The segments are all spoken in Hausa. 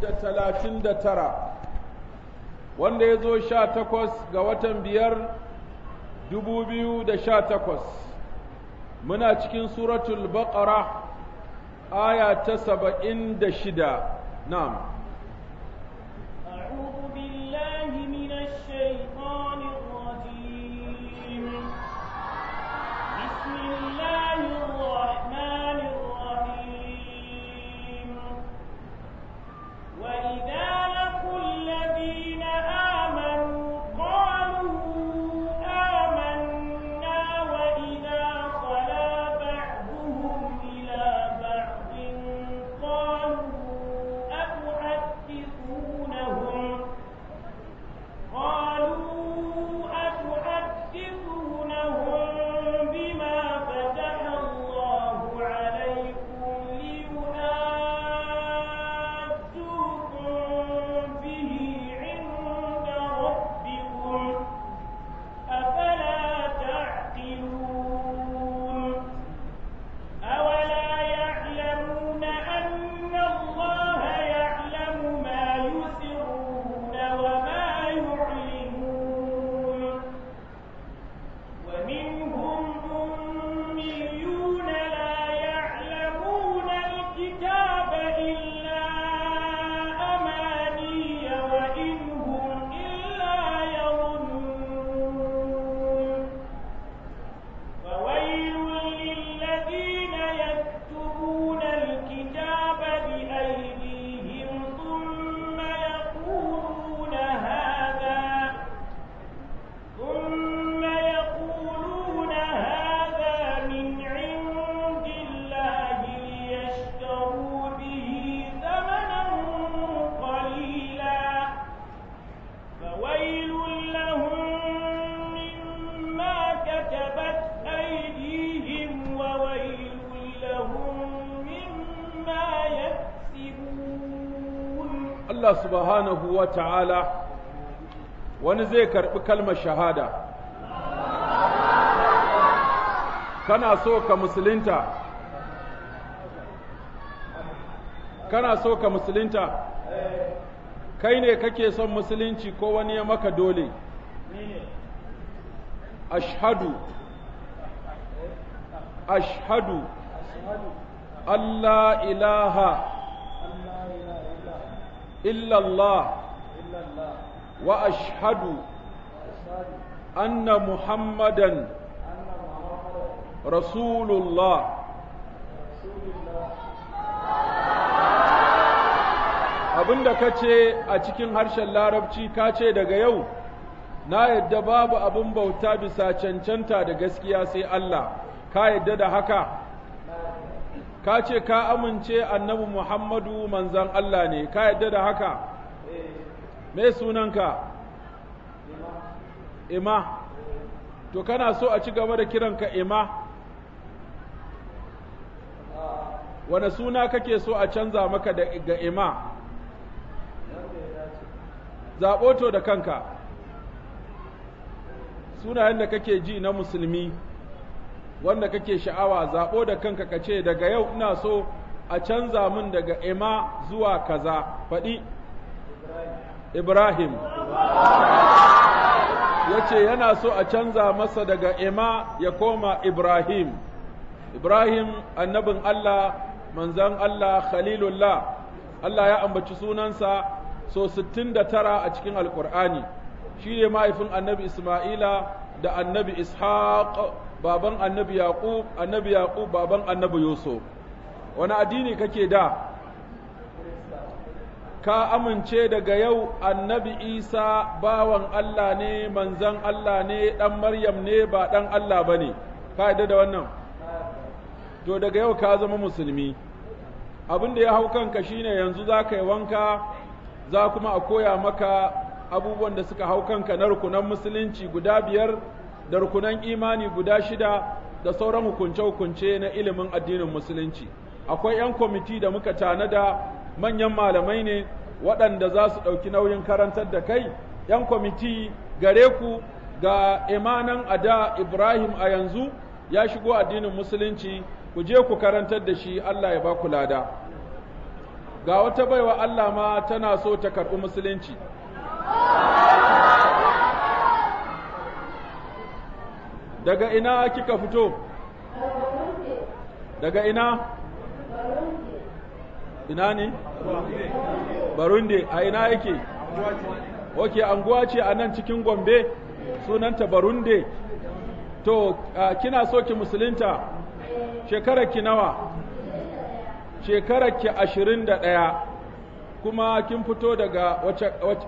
da talatin da tara wanda ya zo sha takwas ga watan biyar dubu biyu da sha takwas muna cikin suratul baqara aya ta saba'in da shida na'am Allah subhanahu wa ta'ala wani zai karɓi kalmar shahada kana so ka musulunta kana so ka musulunta kai ne kake son musulunci ko wani ya maka dole ashhadu ashhadu Allah ilaha إلا الله وأشهد أن محمدا رسول الله abinda ka ce a cikin harshen larabci ka ce daga yau na yadda babu abin bauta bisa cancanta da gaskiya sai Allah ka yadda da haka ka ce ka amince annabi Muhammadu manzan Allah ne ka yadda da haka me sunanka ima to kana so a ci gaba da kiranka ima wane suna kake so a canza maka ga ima zaɓoto da kanka sunayen da kake ji na musulmi wanda kake sha'awa zaɓo da kanka ka ce daga yau ina so a canza min daga ima zuwa kaza faɗi ibrahim ya ce yana so a canza masa daga ima ya koma ibrahim ibrahim annabin allah manzan allah khalilullah allah ya ambaci sunansa so 69 a cikin alkur'ani shi ne mahaifin annabi isma'ila da annabi ishaq baban annabi yaqub annabi yaqub baban annabi yusuf wani addini kake da ka amince daga yau annabi isa bawan allah ne manzan allah ne dan maryam ne ba dan allah ba ne ka yadda da wannan to daga yau ka zama musulmi abin da ya hau kanka shine yanzu za ka yi wanka za kuma a koya maka abubuwan da suka hau kanka na rukunan musulunci guda biyar da rukunan imani guda shida da sauran hukunce-hukunce na ilimin addinin musulunci akwai 'yan kwamiti da muka tanada manyan malamai ne waɗanda za su ɗauki nauyin karantar da kai 'yan kwamiti gare ku ga imanan ada ibrahim a yanzu ya shigo addinin musulunci ku je ku karantar da shi allah ya ba ku lada ga wata baiwa allah ma tana so ta karɓi musulunci daga ina kika fito daga ina ina ne barunde a ina yake ok anguwa ce a nan cikin gombe sunanta barunde to kina so ki musulunta shekarar ki nawa shekarar ki ashirin da ɗaya kuma kin fito daga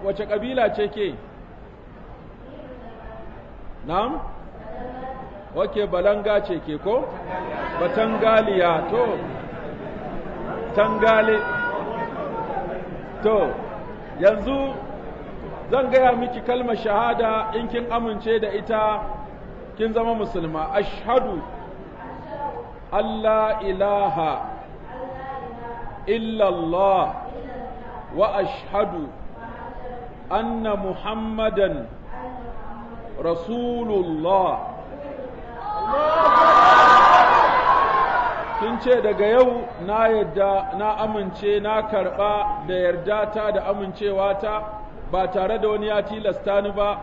wace ƙabila ce ke? Nam? Wake balanga ce ke ko? Ba tangaliya to, tangale. To, yanzu zan gaya miki kalmar shahada in kin amince da ita kin zama musulma. Ashhadu Allah ilaha illallah. وأشهد أن محمدا رسول الله kin ce daga yau na yadda na amince na karɓa da yarda ta da amincewa ta ba tare da wani ya tilasta ni ba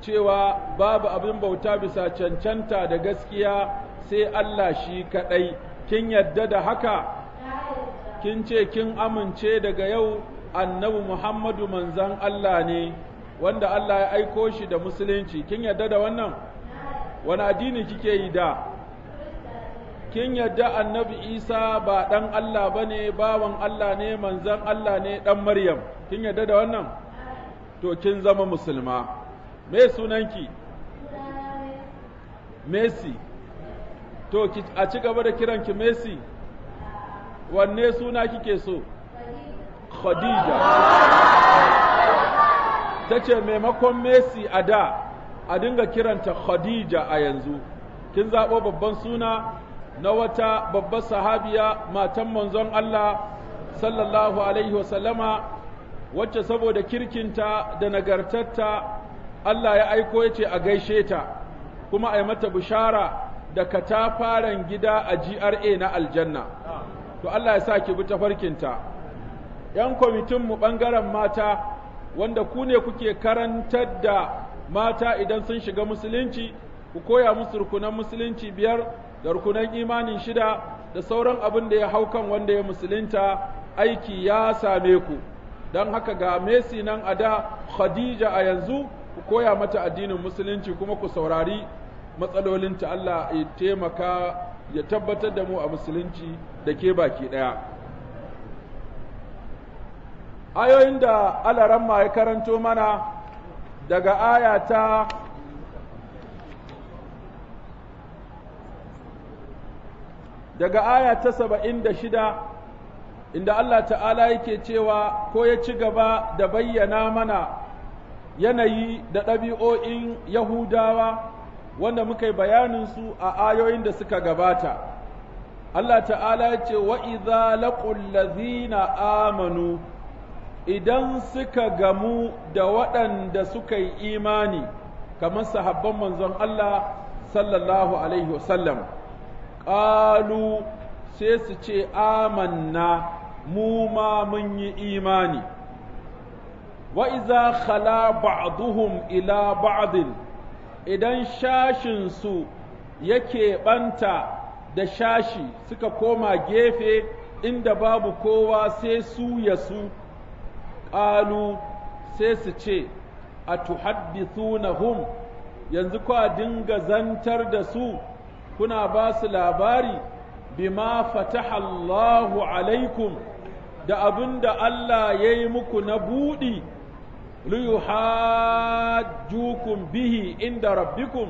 cewa babu abin bauta bisa cancanta da gaskiya sai Allah shi kaɗai kin yadda da haka kin ce kin amince daga yau annabi Muhammadu manzan Allah ne wanda Allah ya aiko shi da musulunci kin yadda da wannan wani addini kike yi da kin yadda annabi Isa ba dan Allah bane bawan Allah ne manzan Allah ne dan Maryam kin yadda da wannan to kin zama musulma me sunanki Messi to a ci gaba da kiranki Messi wanne suna kike so khadija ta ce maimakon messi a da a dinga kiranta khadija a yanzu kin zaɓo babban suna na wata babbar sahabiya matan manzon Allah sallallahu alaihi wasallama wacce saboda kirkinta da nagartarta Allah ya aiko ya ce a gaishe ta kuma a yi mata bishara da katafaren gida a GRA na aljanna to Allah ya sa ki bi ta tafarkinta ‘yan kwamitinmu ɓangaren mata, wanda ku ne kuke karantar da mata idan sun shiga musulunci, ku koya musu rukunan musulunci biyar da rukunan imanin shida da sauran abin da ya hau kan wanda ya musulunta aiki ya same ku. Don haka ga mesi nan a da Khadija a yanzu, ku koya mata addinin musulunci kuma ku saurari matsalolinta Allah ya taimaka ya tabbatar da mu a musulunci da ke baki ɗaya. ayoyin da alaramma ya karanto mana daga aya ta daga aya ta saba'in da shida inda Allah ta'ala yake cewa ko ya ci gaba da bayyana mana yanayi da ɗabi'o'in Yahudawa wanda muka yi bayaninsu a ayoyin da suka gabata. Allah ta'ala ya ce, Wa'iza zina amanu idan suka gamu da waɗanda suka yi imani kamar sahabban manzon Allah sallallahu alaihi wasallam ƙalu sai su ce amanna mu ma mun yi imani wa iza khala ba'duhum ila ba'din idan shashinsu yake ɓanta da shashi suka koma gefe inda babu kowa sai su ya su K'Alu sai su ce a tuhaddithunahum yanzu kwa dinga zantar da su kuna ba su labari bima fataha Allahu alaikum da abinda Allah ya yi muku na buɗi liyuhajjukum bihi inda rabbikum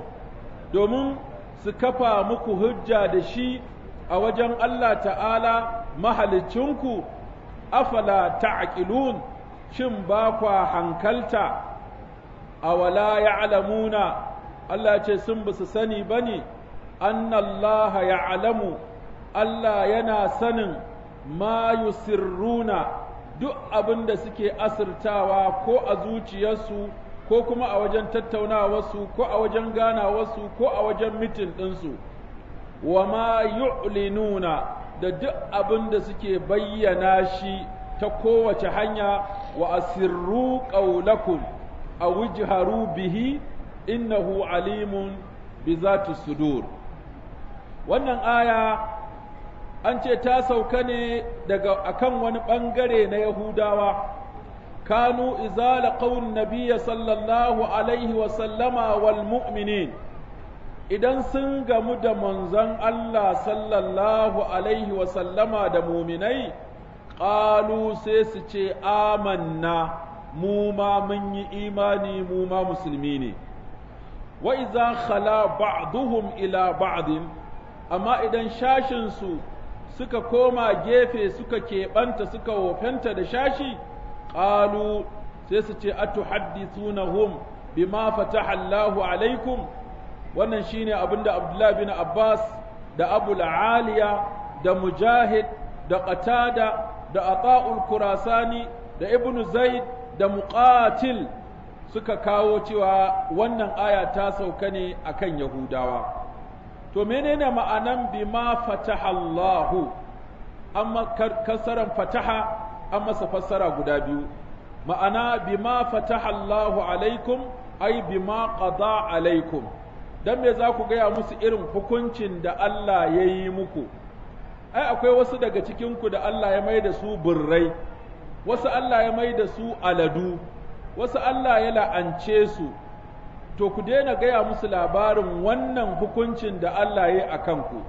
domin su kafa muku hujja da shi a wajen Allah ta'ala mahalicinku afala ta'qilun shin ba kwa hankalta a wala ya'lamuna Allah ce sun ba su sani ba ne ya ya'lamu Allah yana sanin ma yusirruna duk abin da suke asirtawa ko a zuciyarsu ko kuma a wajen tattaunawarsu ko a wajen ganawarsu ko a wajen mitin ɗinsu wa ma yu'linuna da duk abin da suke bayyana shi ta kowace hanya wa asirru ƙaulakun a ijharu bihi innahu alimun bi zati sudur wannan aya an ce ta sauka ne daga akan wani ɓangare na yahudawa kanu Izala laqawun Nabiya sallallahu alaihi wa sallama wal mu'minin idan sun gamu da manzon Allah sallallahu alaihi wa sallama da muminai ƙalu sai su ce amanna muma ma mun yi imani mu musulmi ne wa iza khala ba'duhum ila ba'din amma idan shashinsu suka koma gefe suka keɓanta suka wofenta da shashi ƙalu sai su ce atuhaddithunahum bima fataha Allahu alaikum wannan shine abinda Abdullah bin Abbas da Abu Aliya da Mujahid da Qatada da Ata'ul Kurasani da Ibn Zaid da Muqatil suka kawo cewa wannan aya ta sauka ne akan Yahudawa to menene ma'anan bima fatahallahu amma kasaran fataha an masa fassara guda biyu ma'ana bima fatahallahu alaikum ai bima qada alaikum dan me za ku gaya musu irin hukuncin da Allah ya yi muku ai akwai wasu daga cikinku da Allah ya mai da su burrai wasu Allah ya mai da su aladu wasu Allah ya la'ance su to ku daina gaya musu labarin wannan hukuncin da Allah ya yi a kanku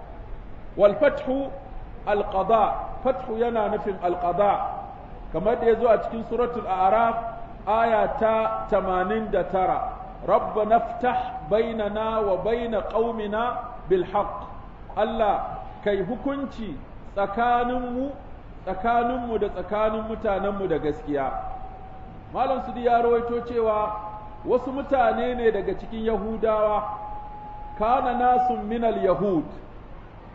wal fathu al fathu yana nufin al kamar da zo a cikin suratul a'raf aya ta 89 ربنا افتح بيننا وبين قومنا بالحق Allah kai hukunci tsakaninmu tsakaninmu da tsakanin mutanenmu da gaskiya malam sudi ya rawaito cewa wasu mutane ne daga cikin yahudawa kana nasun minal yahud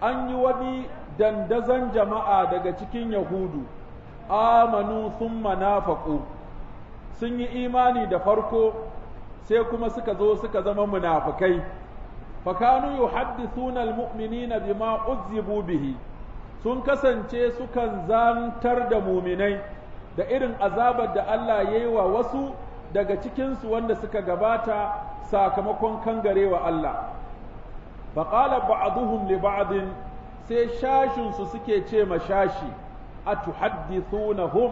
an yi wani dandazon jama'a daga cikin yahudu amanu sun manafaku sun yi imani da farko sai kuma suka zo suka zama munafukai fakanu yuhaddithuna almu'minina bima uzzibu bihi sun kasance sukan zantar da muminai da irin azabar da Allah ya yi wa wasu daga cikinsu wanda suka gabata sakamakon kangarewa Allah faƙala ba'aduhum li sai shashinsu suke ce ma shashi a tuhaddithunahum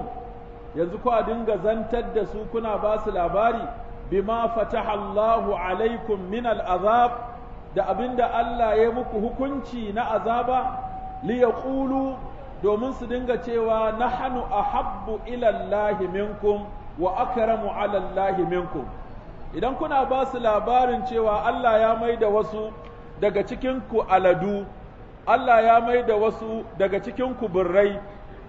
yanzu ku a dinga zantar da su kuna ba su labari bima fataha Allahu alaikum min azab da abinda Allah ya muku hukunci na azaba li yaqulu domin su dinga cewa na nahnu ahabbu ila ilallahi minkum wa akramu ala Allah minkum idan kuna ba su labarin cewa Allah ya mai da wasu daga cikin ku aladu Allah ya mai da wasu daga cikin ku burrai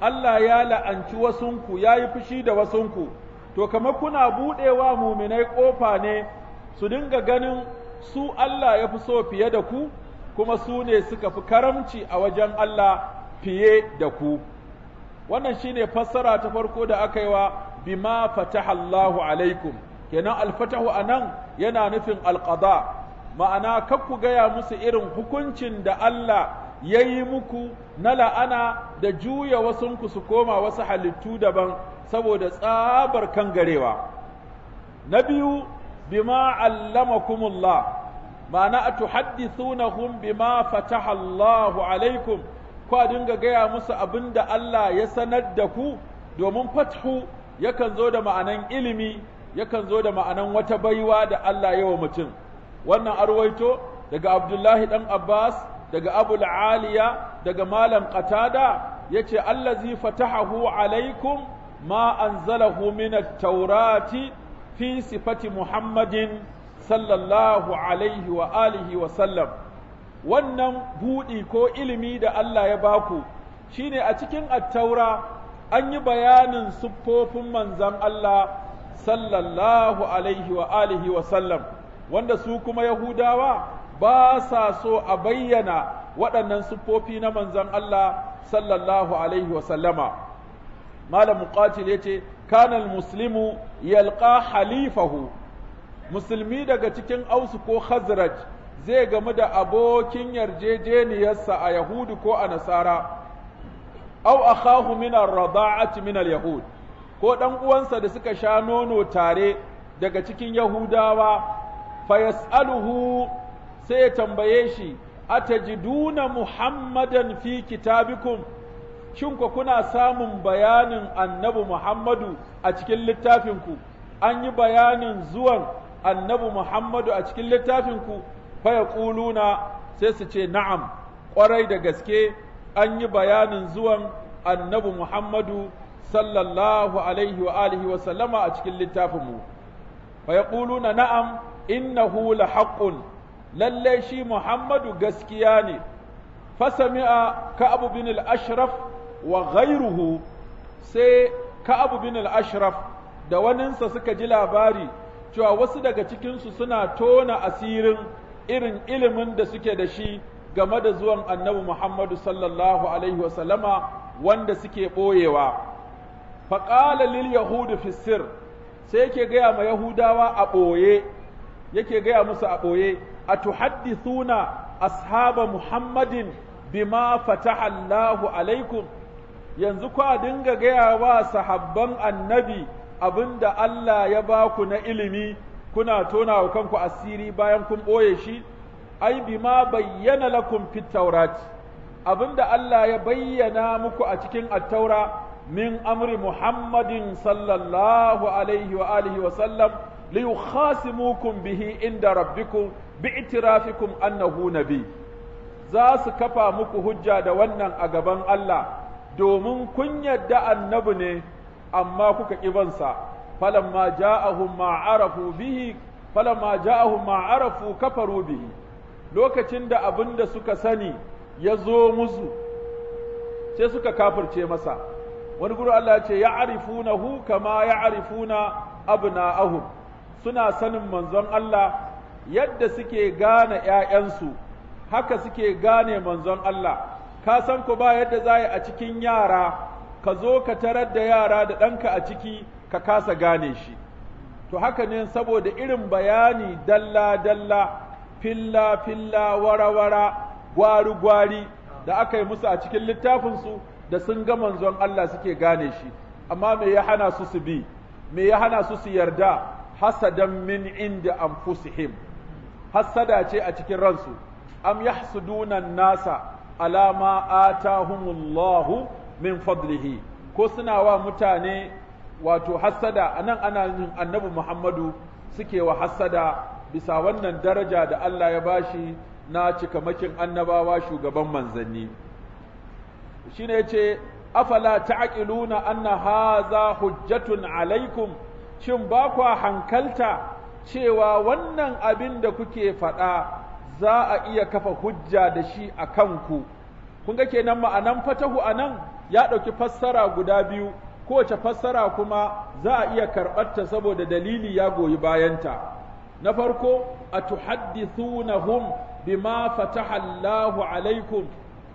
Allah ya la'anci wasunku ya yi fushi da wasunku to kama kuna buɗewa muminai ƙofa ne su dinga ganin su Allah ya fi so fiye da ku kuma su ne suka fi karamci a wajen Allah fiye da ku wannan shi ne fassara ta farko da aka yi wa bima fataha Allahu alaikum kenan alfatahu a nan yana nufin alqada ma'ana kar ku gaya musu irin hukuncin da Allah ya yi muku na la'ana da juya wasunku su koma wasu halittu daban saboda tsabar kan garewa na biyu bima allamakumullah ma'ana atuhaddithunahum bima fataha Allahu alaikum ko dinga gaya musu abinda Allah ya sanar da ku domin fathu yakan zo da ma'anan ilimi yakan zo da ma'anan wata baiwa da Allah ya wa mutum wannan arwaito daga Abdullahi dan Abbas daga Abul Aliya daga Malam Qatada yace allazi fatahahu alaikum ma anzalahu minat taurati fi sifati Muhammadin sallallahu alaihi wa alihi wa sallam wannan buɗi ko ilimi da Allah ya baku shine a cikin attaura an yi bayanin siffofin manzan Allah sallallahu alaihi wa alihi wa sallam wanda su kuma Yahudawa ba sa so a bayyana waɗannan siffofi na manzan Allah sallallahu alaihi wa sallama malam muqatil yace kana almuslimu yalqa halifahu musulmi daga cikin ausu ko khazraj zai gamu da abokin yarjejeniyarsa a yahudu ko a nasara au akhahu min ar-rada'ati min al-yahud ko dan uwansa da suka sha nono tare daga cikin yahudawa fa yas'aluhu sai ya tambaye shi atajiduna muhammadan fi kitabikum shin ku kuna samun bayanin annabi Muhammadu a cikin littafinku an yi bayanin zuwan annabi Muhammadu a cikin littafinku faya ƙuluna sai su ce na'am ƙwarai da gaske an yi bayanin zuwan annabi Muhammadu sallallahu alaihi wa alihi wa sallama a cikin littafinmu faya ƙuluna na'am innahu la haƙƙun. Lallai shi Muhammadu gaskiya ne fasami'a ka abu bin ashraf wa ghairuhu sai ka'ab bin al-ashraf da waninsa suka ji labari cewa wasu daga cikinsu suna tona asirin irin ilimin da suke da shi game da zuwan annabi Muhammadu sallallahu alaihi wasallama wanda suke ɓoyewa. Faƙala lil Yahudu fissir sai yake gaya ma Yahudawa a ɓoye, yake gaya musu a ɓoye, a tuhaddithuna ashaba Muhammadin bima fataha Allahu alaikum yanzu kwa dinga gaya wa sahabban annabi abinda Allah ya ba ku na ilimi kuna tona wa kanku asiri bayan kun ɓoye shi ai ma bayyana lakum fit taurat abinda Allah ya bayyana muku a cikin attaura min amri muhammadin sallallahu alaihi wa alihi wa sallam li yukhasimukum bihi inda rabbikum bi itirafikum annahu nabi za su kafa muku hujja da wannan a gaban Allah domin kun yadda annabi ne amma kuka kibansa falamma ja'ahum ma arafu bihi falamma ja'ahum ma arafu kafaru bihi lokacin da abinda suka sani ya zo musu sai suka kafirce masa wani guru Allah ya ce ya'rifunahu kama ya'rifuna abna'ahum suna sanin manzon Allah yadda suke gane ‘ya'yansu, haka suke gane manzon Allah, ka san ku ba yadda za a cikin yara ka zo ka tarar da yara da ɗanka a ciki ka kasa gane shi to haka ne saboda irin bayani dalla-dalla filla-filla wara-wara gwari-gwari da aka yi musu a cikin littafinsu da sun ga manzon Allah suke gane shi amma me ya hana su su bi me ya hana su su yarda hasadan min inda anfusihim hasada ce a cikin ransu am yahsuduna nasa alama atahumullahu min fadlihi ko suna wa mutane wato hassada anan ana yin annabi Muhammadu suke wa hassada bisa wannan daraja da Allah ya bashi na cikamakin annabawa shugaban manzanni shine yace afala ta'qiluna anna hadha hujjatun alaikum shin ba hankalta cewa wannan abin da kuke faɗa za a iya kafa hujja da shi a kanku kun ga kenan ma'anan fatahu a nan? ya ɗauki fassara guda biyu kowace fassara kuma za a iya karɓarta saboda dalili ya goyi bayanta na farko a tuhaddithunahum bima fataha Allahu alaikum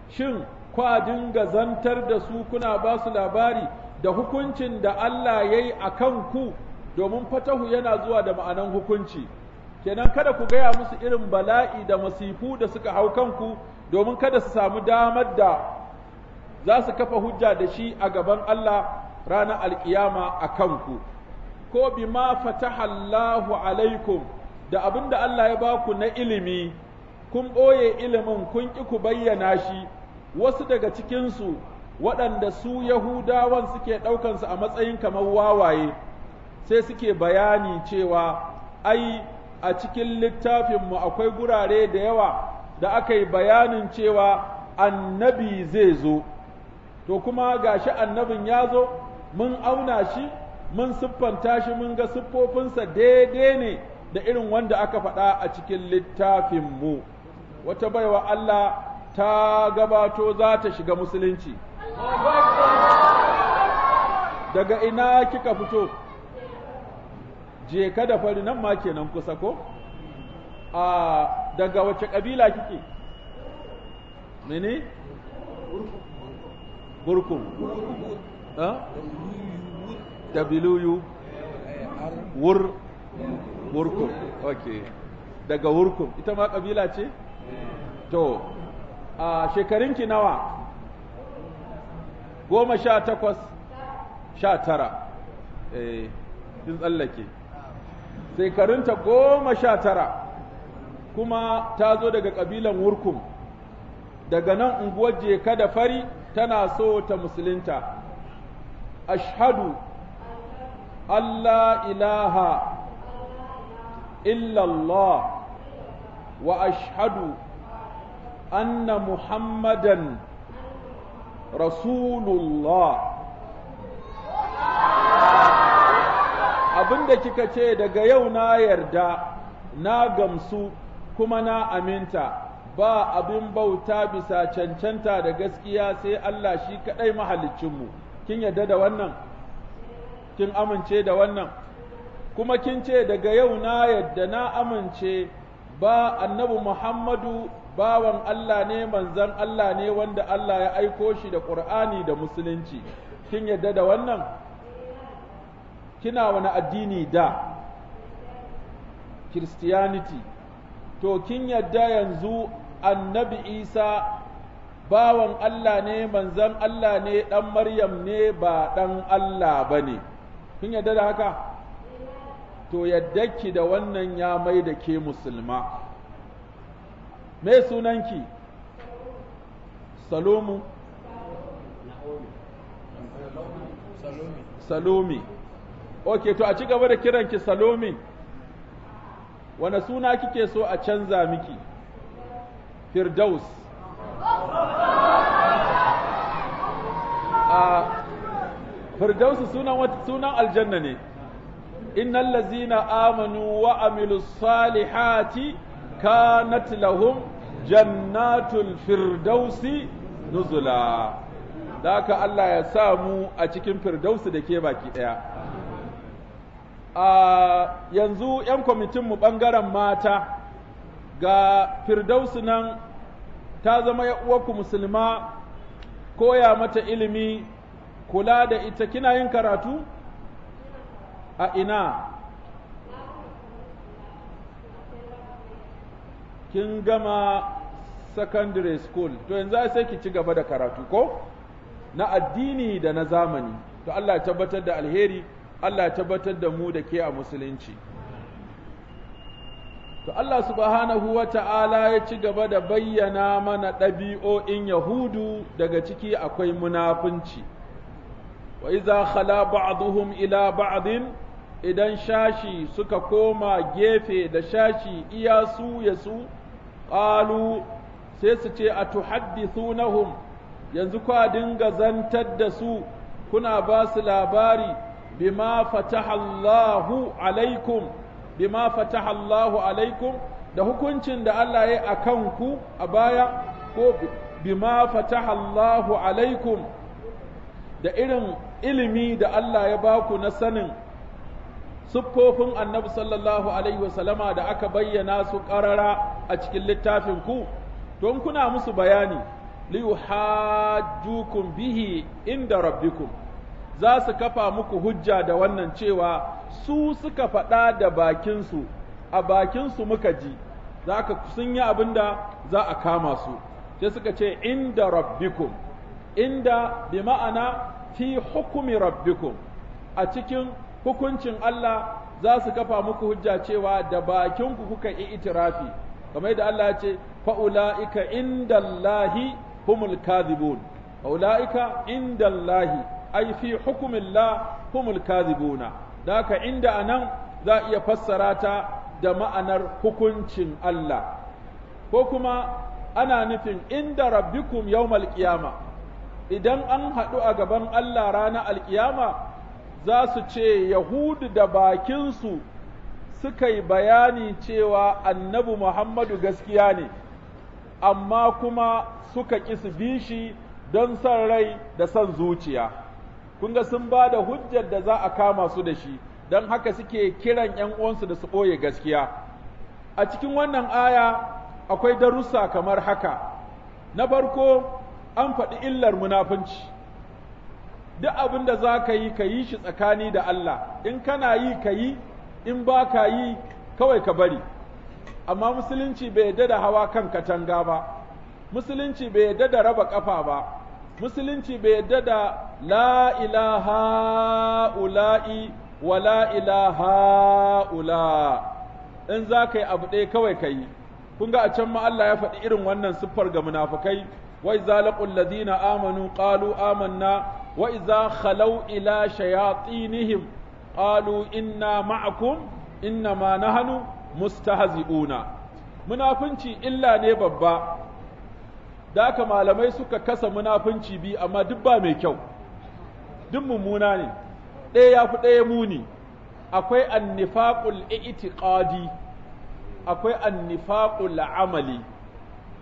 shin kwa dinga zantar da su kuna ba su labari da hukuncin da Allah ya yi a kanku? domin fatahu yana zuwa da ma'anan hukunci kenan kada ku gaya musu irin bala'i da masifu da suka hau kanku domin kada su samu damar da za su kafa hujja da shi a gaban Allah ranar alkiyama a kanku ko ma fataha Allahu alaikum da abin da Allah ya baku na ilimi kun ɓoye ilimin kun ki ku bayyana shi wasu daga cikinsu waɗanda su Yahudawan suke ɗaukansu a matsayin kamar wawaye sai suke bayani cewa ai a cikin littafinmu akwai gurare da yawa da aka yi bayanin cewa annabi zai zo, to kuma gashi annabin ya zo, mun auna shi, mun siffanta shi mun ga siffofinsa daidai ne da irin wanda aka faɗa a cikin littafinmu. Wata baiwa Allah ta gabato za ta shiga musulunci. Daga ina kika fito? je ka da fari nan ma kenan kusa ko a daga wace kabila kike mene gurkum w wur wurkum okay daga wurkum ita ma kabila ce to a shekarunki nawa goma sha takwas sha tara eh kin tsallake shekarunta goma sha tara kuma ta zo daga ƙabilan wurkum daga nan unguwar jeka da fari tana so ta musulunta ashhadu Allah ilaha illallah wa ashhadu anna muhammadan rasulullah Abin da kika ce daga yau na yarda na gamsu kuma na aminta ba abin bauta bisa cancanta da gaskiya sai Allah shi kaɗai mahaliccinmu kin yarda da wannan kin amince da wannan kuma kin ce daga yau na yarda na amince ba annabi Muhammadu bawan Allah ne manzan Allah ne wanda Allah ya aiko shi da Ƙur'ani da musulunci kin yarda da wannan kina wani addini da Christianity to kin yadda yanzu annabi Isa bawan Allah ne manzan Allah ne ɗan Maryam ne ba ɗan Allah ba ne kin yadda da haka to yadda ki da wannan ya mai da ke musulma me sunanki Salomu Salome oke to a ci gaba da kiranki salome wane suna kike so a canza miki firdaus a firdaus sunan aljanna ne innal lazina amanu wa amilus salihati kanat lahum jannatul firdausi nuzula da haka Allah ya samu a cikin firdausi da ke baki ɗaya. a yanzu 'yan kwamitinmu ɓangaren mata ga firdausu nan ta zama uwarku musulma koya mata ilimi kula da ita kina yin karatu a ina kin gama secondary school to yanzu sai ki ci gaba da karatu ko na addini da na zamani to Allah ya tabbatar da alheri Allah ya tabbatar da mu da ke a musulunci to Allah subhanahu wa ta'ala ya ci gaba da bayyana mana ɗabi'o'in Yahudu daga ciki akwai munafunci wa iza khala ba'duhum ila ba'adin idan shashi suka koma gefe da shashi iya su ya su ƙalu sai su ce a sunahum. yanzu kwa dinga zantar da su kuna ba su labari bima fataha alaikum bima fataha alaikum da hukuncin da Allah ya yi a kanku a baya ko bima fataha Allahu alaikum da irin ilimi da Allah ya baku na sanin siffofin annabi sallallahu alaihi wasallama da aka bayyana su ƙarara a cikin littafin ku don kuna musu bayani liyuhajjukum bihi inda rabbikum za su kafa muku hujja da wannan cewa su suka faɗa da bakinsu a bakinsu muka ji za ka sun yi abin da za a kama su sai suka ce inda rabbikum inda bi ma'ana fi hukumi rabbikum a cikin hukuncin Allah za su kafa muku hujja cewa da bakinku kuka yi itirafi kamar da Allah ya ce fa'ula'ika inda Allahi humul kazibun fa'ula'ika inda Allahi ai fi hukumillah humul kadhibuna daka inda anan za iya fassara ta da ma'anar hukuncin Allah ko kuma ana nufin inda rabbikum yawmal qiyama idan an haɗu a gaban Allah rana alkiyama za su ce yahudu da bakinsu suka yi bayani cewa annabi Muhammadu gaskiya ne, amma kuma suka ƙi su bi shi don son rai da son zuciya. kun ga sun ba da hujjar da za a kama su da shi don haka suke kiran ‘yan uwansu da su ɓoye gaskiya a cikin wannan aya akwai darussa kamar haka na farko an faɗi illar munafunci duk abin da za ka yi ka yi shi tsakani da Allah in kana yi ka yi in ba ka yi kawai ka bari amma musulunci bai yadda da hawa kan katanga ba musulunci bai yadda da raba ƙafa ba musulunci bai yadda da la ilaha ula'i wa la ilaha ula in za ka yi abu ɗaya kawai ka yi kun ga a can ma Allah ya faɗi irin wannan siffar ga munafukai wa iza laqul ladina amanu qalu amanna wa iza khalau ila shayatinihim qalu inna ma'akum inna ma nahnu mustahzi'una munafunci illa ne babba da haka malamai suka kasa munafunci bi amma duk ba mai kyau duk mummuna ne ɗaya ya fi ɗaya muni akwai annifaƙul i'tiqadi akwai annifaqul amali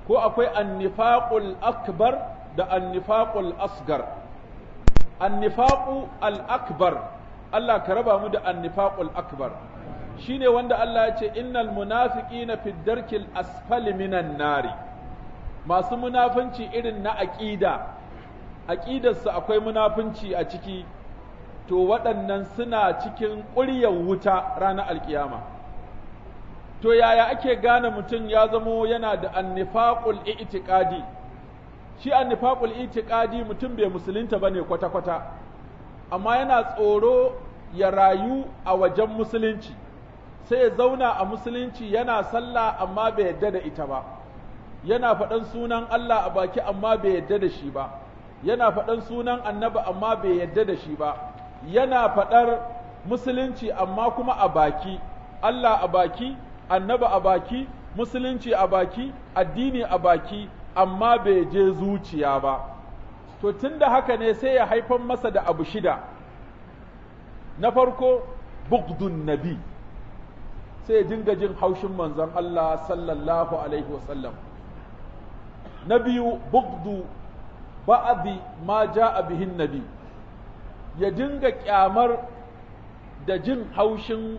ko akwai annifaƙul akbar da annifaƙul asgar annifaqu al akbar Allah ka raba mu da annifaqul akbar shine wanda Allah ya ce innal munafiqina fid darkil asfali minan nari masu munafunci irin na aƙida aƙidarsu akwai munafunci a ciki to waɗannan suna cikin ƙuryar wuta ranar alkiyama to yaya ake gane mutum ya zamo yana da annifaqul i'tiqadi shi annifaqul i'tiqadi mutum bai musulunta bane kwata-kwata amma yana tsoro ya rayu a wajen musulunci sai ya zauna a musulunci yana sallah amma bai yadda da ita ba yana faɗan sunan Allah a baki amma bai yadda da shi ba yana faɗan sunan annaba amma bai yadda da shi ba yana faɗar musulunci amma kuma a baki Allah a baki annaba a baki musulunci a baki addini a baki amma bai je zuciya ba to tun da haka ne sai ya haifan masa da abu shida na farko bugdun nabi sai ya dinga jin haushin manzon Allah sallallahu alaihi wasallam na biyu bugdu ba'adi ma a bihin nabi ya dinga kyamar da jin haushin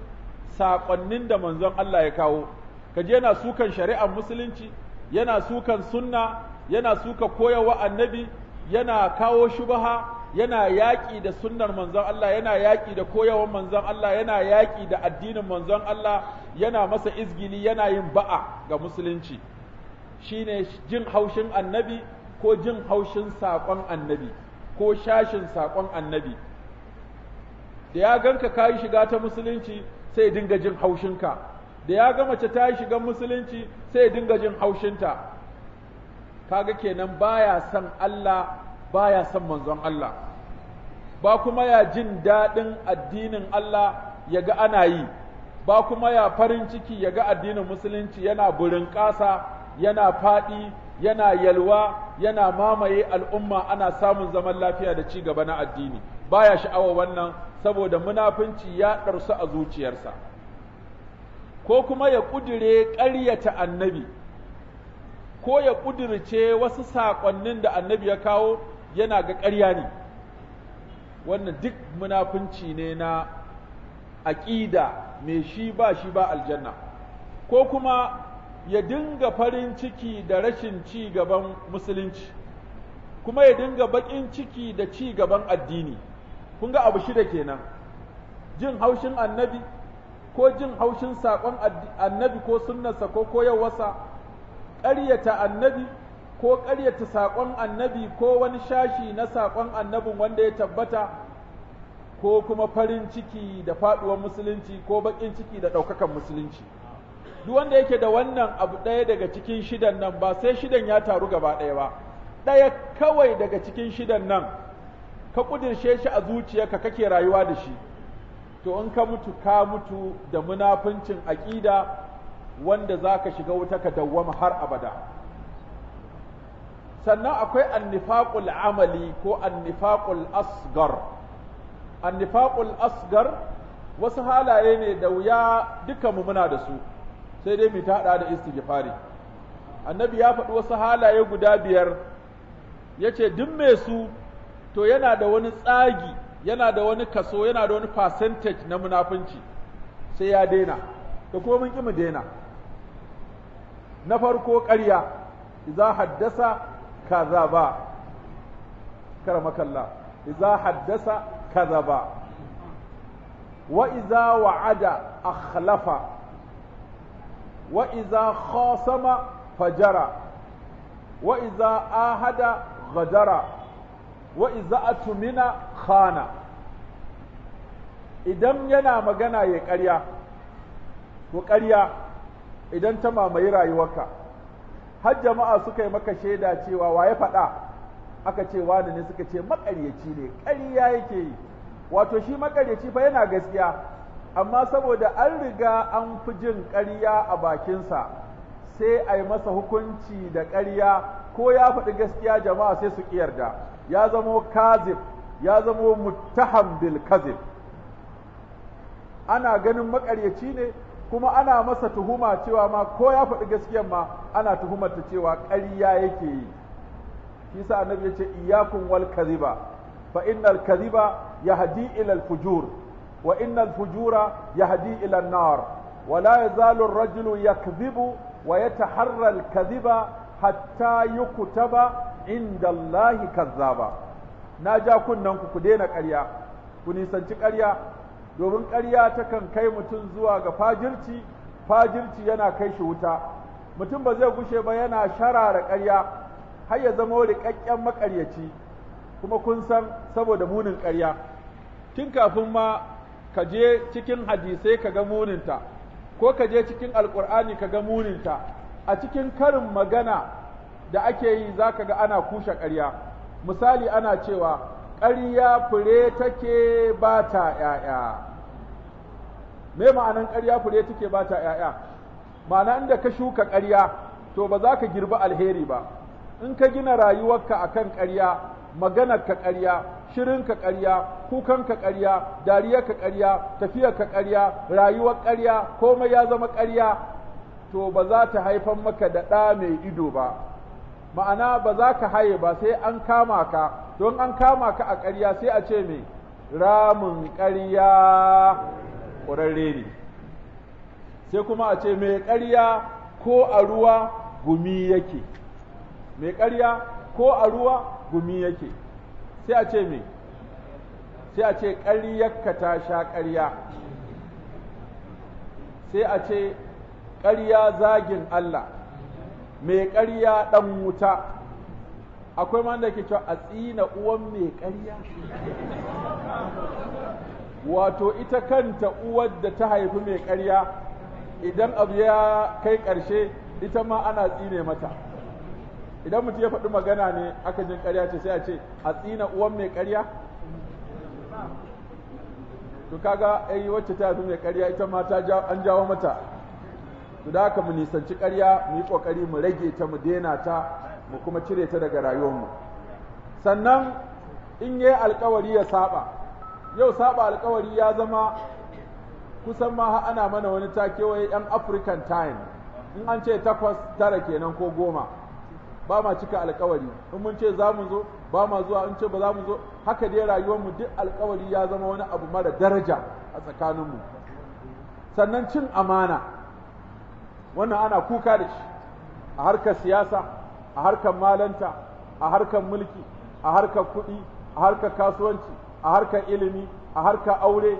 saƙonnin da manzon Allah ya kawo kaje yana sukan shari'ar musulunci yana sukan sunna yana suka koyawa annabi yana kawo shubaha yana yaƙi da sunnar manzon Allah yana yaƙi da koyawar manzon Allah yana yaƙi da addinin manzon Allah yana masa izgili yana yin ba'a ga musulunci shine jin haushin annabi ko jin haushin saƙon annabi ko shashin saƙon annabi da ya ganka ka yi shiga ta musulunci sai ya dinga jin haushinka da ya ga mace ta yi shiga musulunci sai ya dinga jin haushinta kaga kenan baya son Allah baya son manzon Allah ba kuma ya jin daɗin addinin Allah ya ga ana yi ba kuma ya farin ciki ya ga addinin musulunci yana burin ƙasa yana faɗi yana yalwa yana mamaye al'umma ana samun zaman lafiya da ci gaba na addini baya sha'awa wannan saboda munafunci ya ɗarsu a zuciyarsa ko kuma ya ƙudire ƙaryata annabi ko ya ƙudirce wasu saƙonnin da annabi ya kawo yana ga ƙarya ne wannan duk munafunci ne na aƙida mai shi ba shi ba aljanna ko kuma ya dinga farin ciki da rashin ci gaban musulunci kuma ya dinga baƙin ciki da ci gaban addini kun ga abu shida kenan jin haushin annabi ko jin haushin saƙon annabi ko sunnarsa ko koyarwarsa ƙaryata annabi ko ƙaryata saƙon annabi ko wani shashi na saƙon annabin wanda ya tabbata ko kuma farin ciki da faɗuwar musulunci ko baƙin ciki da ɗaukakan musulunci duk wanda yake da wannan abu ɗaya daga cikin shidan nan ba sai shidan ya taru gaba ɗaya ba ɗaya kawai daga cikin shidan nan ka ƙudirce shi a zuciyarka kake rayuwa da shi to in ka mutu ka mutu da munafincin aƙida wanda za ka shiga wuta ka dawwama har abada sannan akwai annifaƙul amali ko annifaƙul asgar Annifaƙul asgar wasu halaye ne da wuya duka mu muna da su sai dai mu ta da istighfari annabi ya faɗi wasu halaye guda biyar yace duk mai su to yana da wani tsagi yana da wani kaso yana da wani percentage na munafunci sai ya daina da kuma mun ƙi mu daina na farko ƙarya iza haddasa kazaba karamakallah idza haddasa ba. wa idza wa'ada akhlafa wa iza khasama fajara wa iza ahada ghadara wa atumina khana idan yana magana ya ƙarya to ƙarya idan ta mamaye rayuwarka har jama'a suka yi maka shaida cewa wa ya faɗa aka ce wani ne suka ce maƙaryaci ne ƙarya yake yi wato shi maƙaryaci fa yana gaskiya amma saboda an riga an fi jin ƙarya a bakinsa sai a yi masa hukunci da ƙarya ko ya faɗi gaskiya jama'a sai su ƙiyarda ya zamo kazib ya zamo muttaham bil kazib ana ganin maƙaryaci ne kuma ana masa tuhuma cewa ma ko ya faɗi gaskiyan ma ana tuhumar ta cewa ƙarya yake yi shi sa annabi ya ce iyakun wal kaziba fa innal kadhiba yahdi ila al fujur Wa وإن الفجور يهدي إلى النار ولا يزال الرجل يكذب ويتحرى الكذب حتى يكتب عند الله كذابا ku كنا ƙarya, ku nisanci ƙarya. domin ƙarya takan kai mutum zuwa ga fajirci fajirci yana kai shi wuta mutum ba zai gushe ba yana sharara ƙarya har ya zama riƙaƙƙen maƙaryaci kuma kun san saboda munin ƙarya tun kafin ma ka je cikin hadisai ka ga muninta ko ka je cikin alkur'ani ka ga muninta a cikin karin magana da ake yi za ka ga ana kushe ƙarya misali ana cewa ƙarya fure take ba ta ‘ya'ya me ma'anan ƙarya fure take ba ta ‘ya'ya ma'ana inda ka shuka ƙarya to ba za ka girbi alheri ba in ka gina rayuwarka akan ƙarya maganar ka ƙarya shirin ka ƙarya kukanka ƙarya dariyarka ƙarya ka ƙarya rayuwar ƙarya komai ya zama ƙarya to ba za ta haifar maka da ɗa mai ido ba ma'ana ba za ka haye ba sai an kama ka don an kama ka a ƙarya sai a ce me ramin ƙarya ƙwararre ne sai kuma a ce mai ƙarya ko a ruwa gumi yake mai ƙarya ko a ruwa gumi yake sai a ce me sai a ce ƙaryarka ta sha ƙarya sai a ce ƙarya zagin Allah mai ƙarya ɗan wuta akwai ma da ke cewa a tsina uwan mai ƙarya wato ita kanta uwar da ta haifi mai ƙarya idan abu ya kai ƙarshe ita ma ana tsine mata idan mutum ya faɗi magana ne aka jin ƙarya ce sai a ce a tsina uwan mai ƙarya to kaga ai wacce ta fi mai ƙarya ita ma ta an jawo mata to da haka mu nisanci ƙarya mu yi ƙoƙari mu rage ta mu daina ta mu kuma cire ta daga rayuwar mu. sannan in yayi alkawari ya saba yau saba alkawari ya zama kusan ma ana mana wani ta kewaye yan African time in an ce takwas tara kenan ko goma ba ma cika alkawari in mun ce za mu zo ba ma zuwa in ce ba za mu zo haka dai rayuwar mu duk alkawari ya zama wani abu mara daraja a tsakaninmu sannan cin amana wannan ana kuka da shi a harkar siyasa a harkar malanta a harkar mulki a harkar kuɗi a harkar kasuwanci a harkar ilimi a harkar aure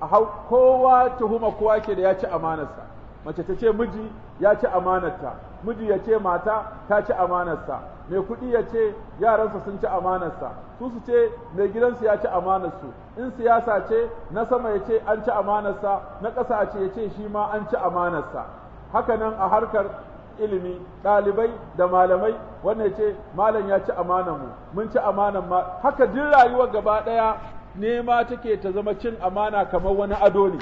a kowa tuhuma kowa ke da ya ci amanarsa mace ta ce miji ya ci amanarta miji ya ce mata ta ci amanarsa mai kuɗi ya ce yaransa sun ci amanarsa su su ce mai gidansu ya ci amanarsu in siyasa ce na sama ya ce an ci amanarsa na ƙasa ce ya ce shi ma an ci amanarsa haka nan a harkar ilimi ɗalibai da malamai wannan ya ce malam ya ci amanar mu mun ci amanar ma haka duk rayuwar gaba ɗaya nema take ta zama cin amana kamar wani ado ne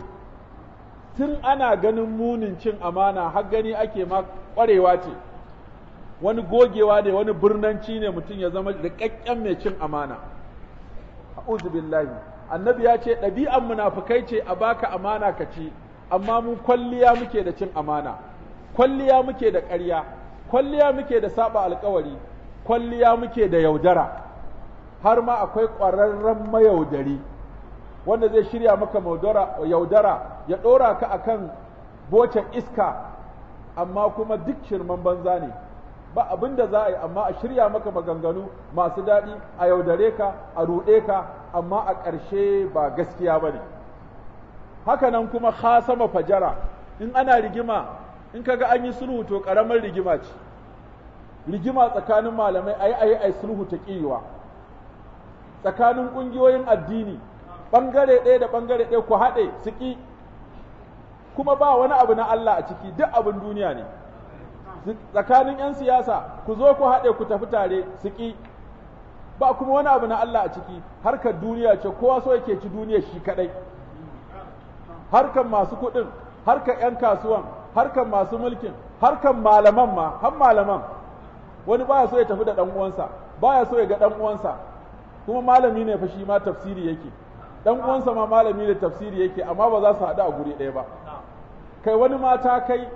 tun ana ganin munin cin amana har gani ake ma ƙwarewa ce wani gogewa ne wani birnanci ne mutum ya zama rikakken mai cin amana a'udhu billahi annabi ya ce ɗabi'an munafukai ce a baka amana ka ci amma mu kwalliya muke da cin amana kwalliya muke da ƙarya kwalliya muke da saba alkawari kwalliya muke da yaudara har ma akwai ƙwararren mayaudari wanda zai shirya maka yaudara ya ɗora ka a kan bocen iska amma kuma duk shirman banza ne ba abin da za a yi amma a shirya maka maganganu masu daɗi a yaudare ka a ruɗe ka amma a ƙarshe ba gaskiya ba ne hakanan kuma khasama fajara in ana rigima in kaga an yi sulhu to ƙaramar rigima ce rigima tsakanin malamai ai ai ai sulhu ta ƙiwa tsakanin ƙungiyoyin addini ɓangare ɗaya da ɓangare ɗaya ku haɗe su ƙi kuma ba wani abu na Allah a ciki duk abin duniya ne tsakanin 'yan siyasa ku zo ku haɗe ku tafi tare su ƙi ba kuma wani abu na Allah a ciki harkar duniya ce kowa so yake ci duniya shi kaɗai harkar masu kuɗin harkar 'yan kasuwan harkar masu mulkin harkar malaman ma har malaman wani baya so ya tafi da ɗan uwansa baya so ya ga ɗan uwansa kuma malami ne fa shi ma tafsiri yake ɗan uwansa ma malami ne tafsiri yake amma ba za su haɗu a guri ɗaya ba kai wani mata kai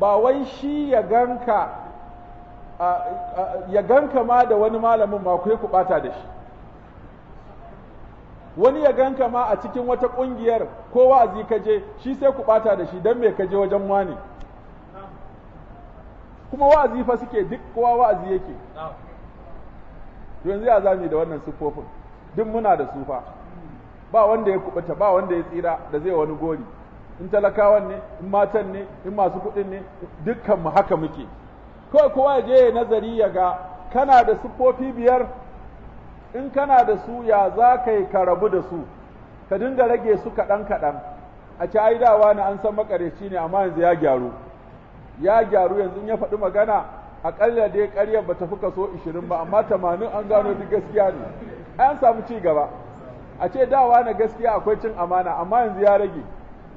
ba wai shi ya ganka ya ganka ma da wani malamin ma ku ku bata da shi wani ya ganka ma a cikin wata kungiyar ko wa'azi ka je shi sai ku bata da shi dan me ka je wajen wani kuma wa'azi fa suke duk kowa wa'azi yake yanzu ya zami da wannan siffofin duk muna da sufa ba wanda ya kubuta ba wanda ya tsira da zai wani gori in talakawan ne in matan ne in masu kuɗin ne dukkan mu haka muke kawai kowa ya je ya nazari ya ga kana da siffofi biyar in kana da su ya za ka yi ka rabu da su ka dinga rage su kaɗan kaɗan a ci aidawa na an san makareci ne amma yanzu ya gyaru ya gyaru yanzu ya faɗi magana aƙalla dai ƙaryar ba ta fi kaso ishirin ba amma tamanin an gano duk gaskiya ne an samu ci gaba a ce dawa na gaskiya akwai cin amana amma yanzu ya rage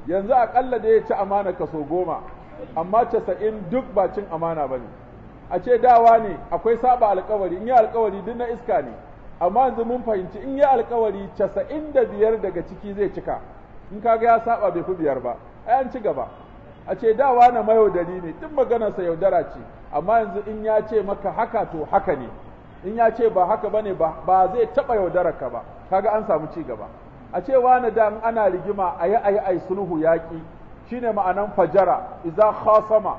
yanzu akalla da ya ci amana kaso goma amma casa'in duk ba cin amana ba ne a ce dawa ne akwai saba alkawari in yi alkawari duk na iska ne amma yanzu mun fahimci in yi alkawari casa'in da biyar daga ciki zai cika in kaga ya saba bai fi biyar ba ai an ci gaba a ce dawa na mayaudari ne duk maganarsa yaudara ce amma yanzu in ya ce maka haka to haka ne in ya ce ba haka bane ba ba zai taɓa ka ba kaga an samu ci gaba a ce wani da ana rigima a yi ayi ayi ai sulhu yaƙi shine ma'anan fajara idza khasama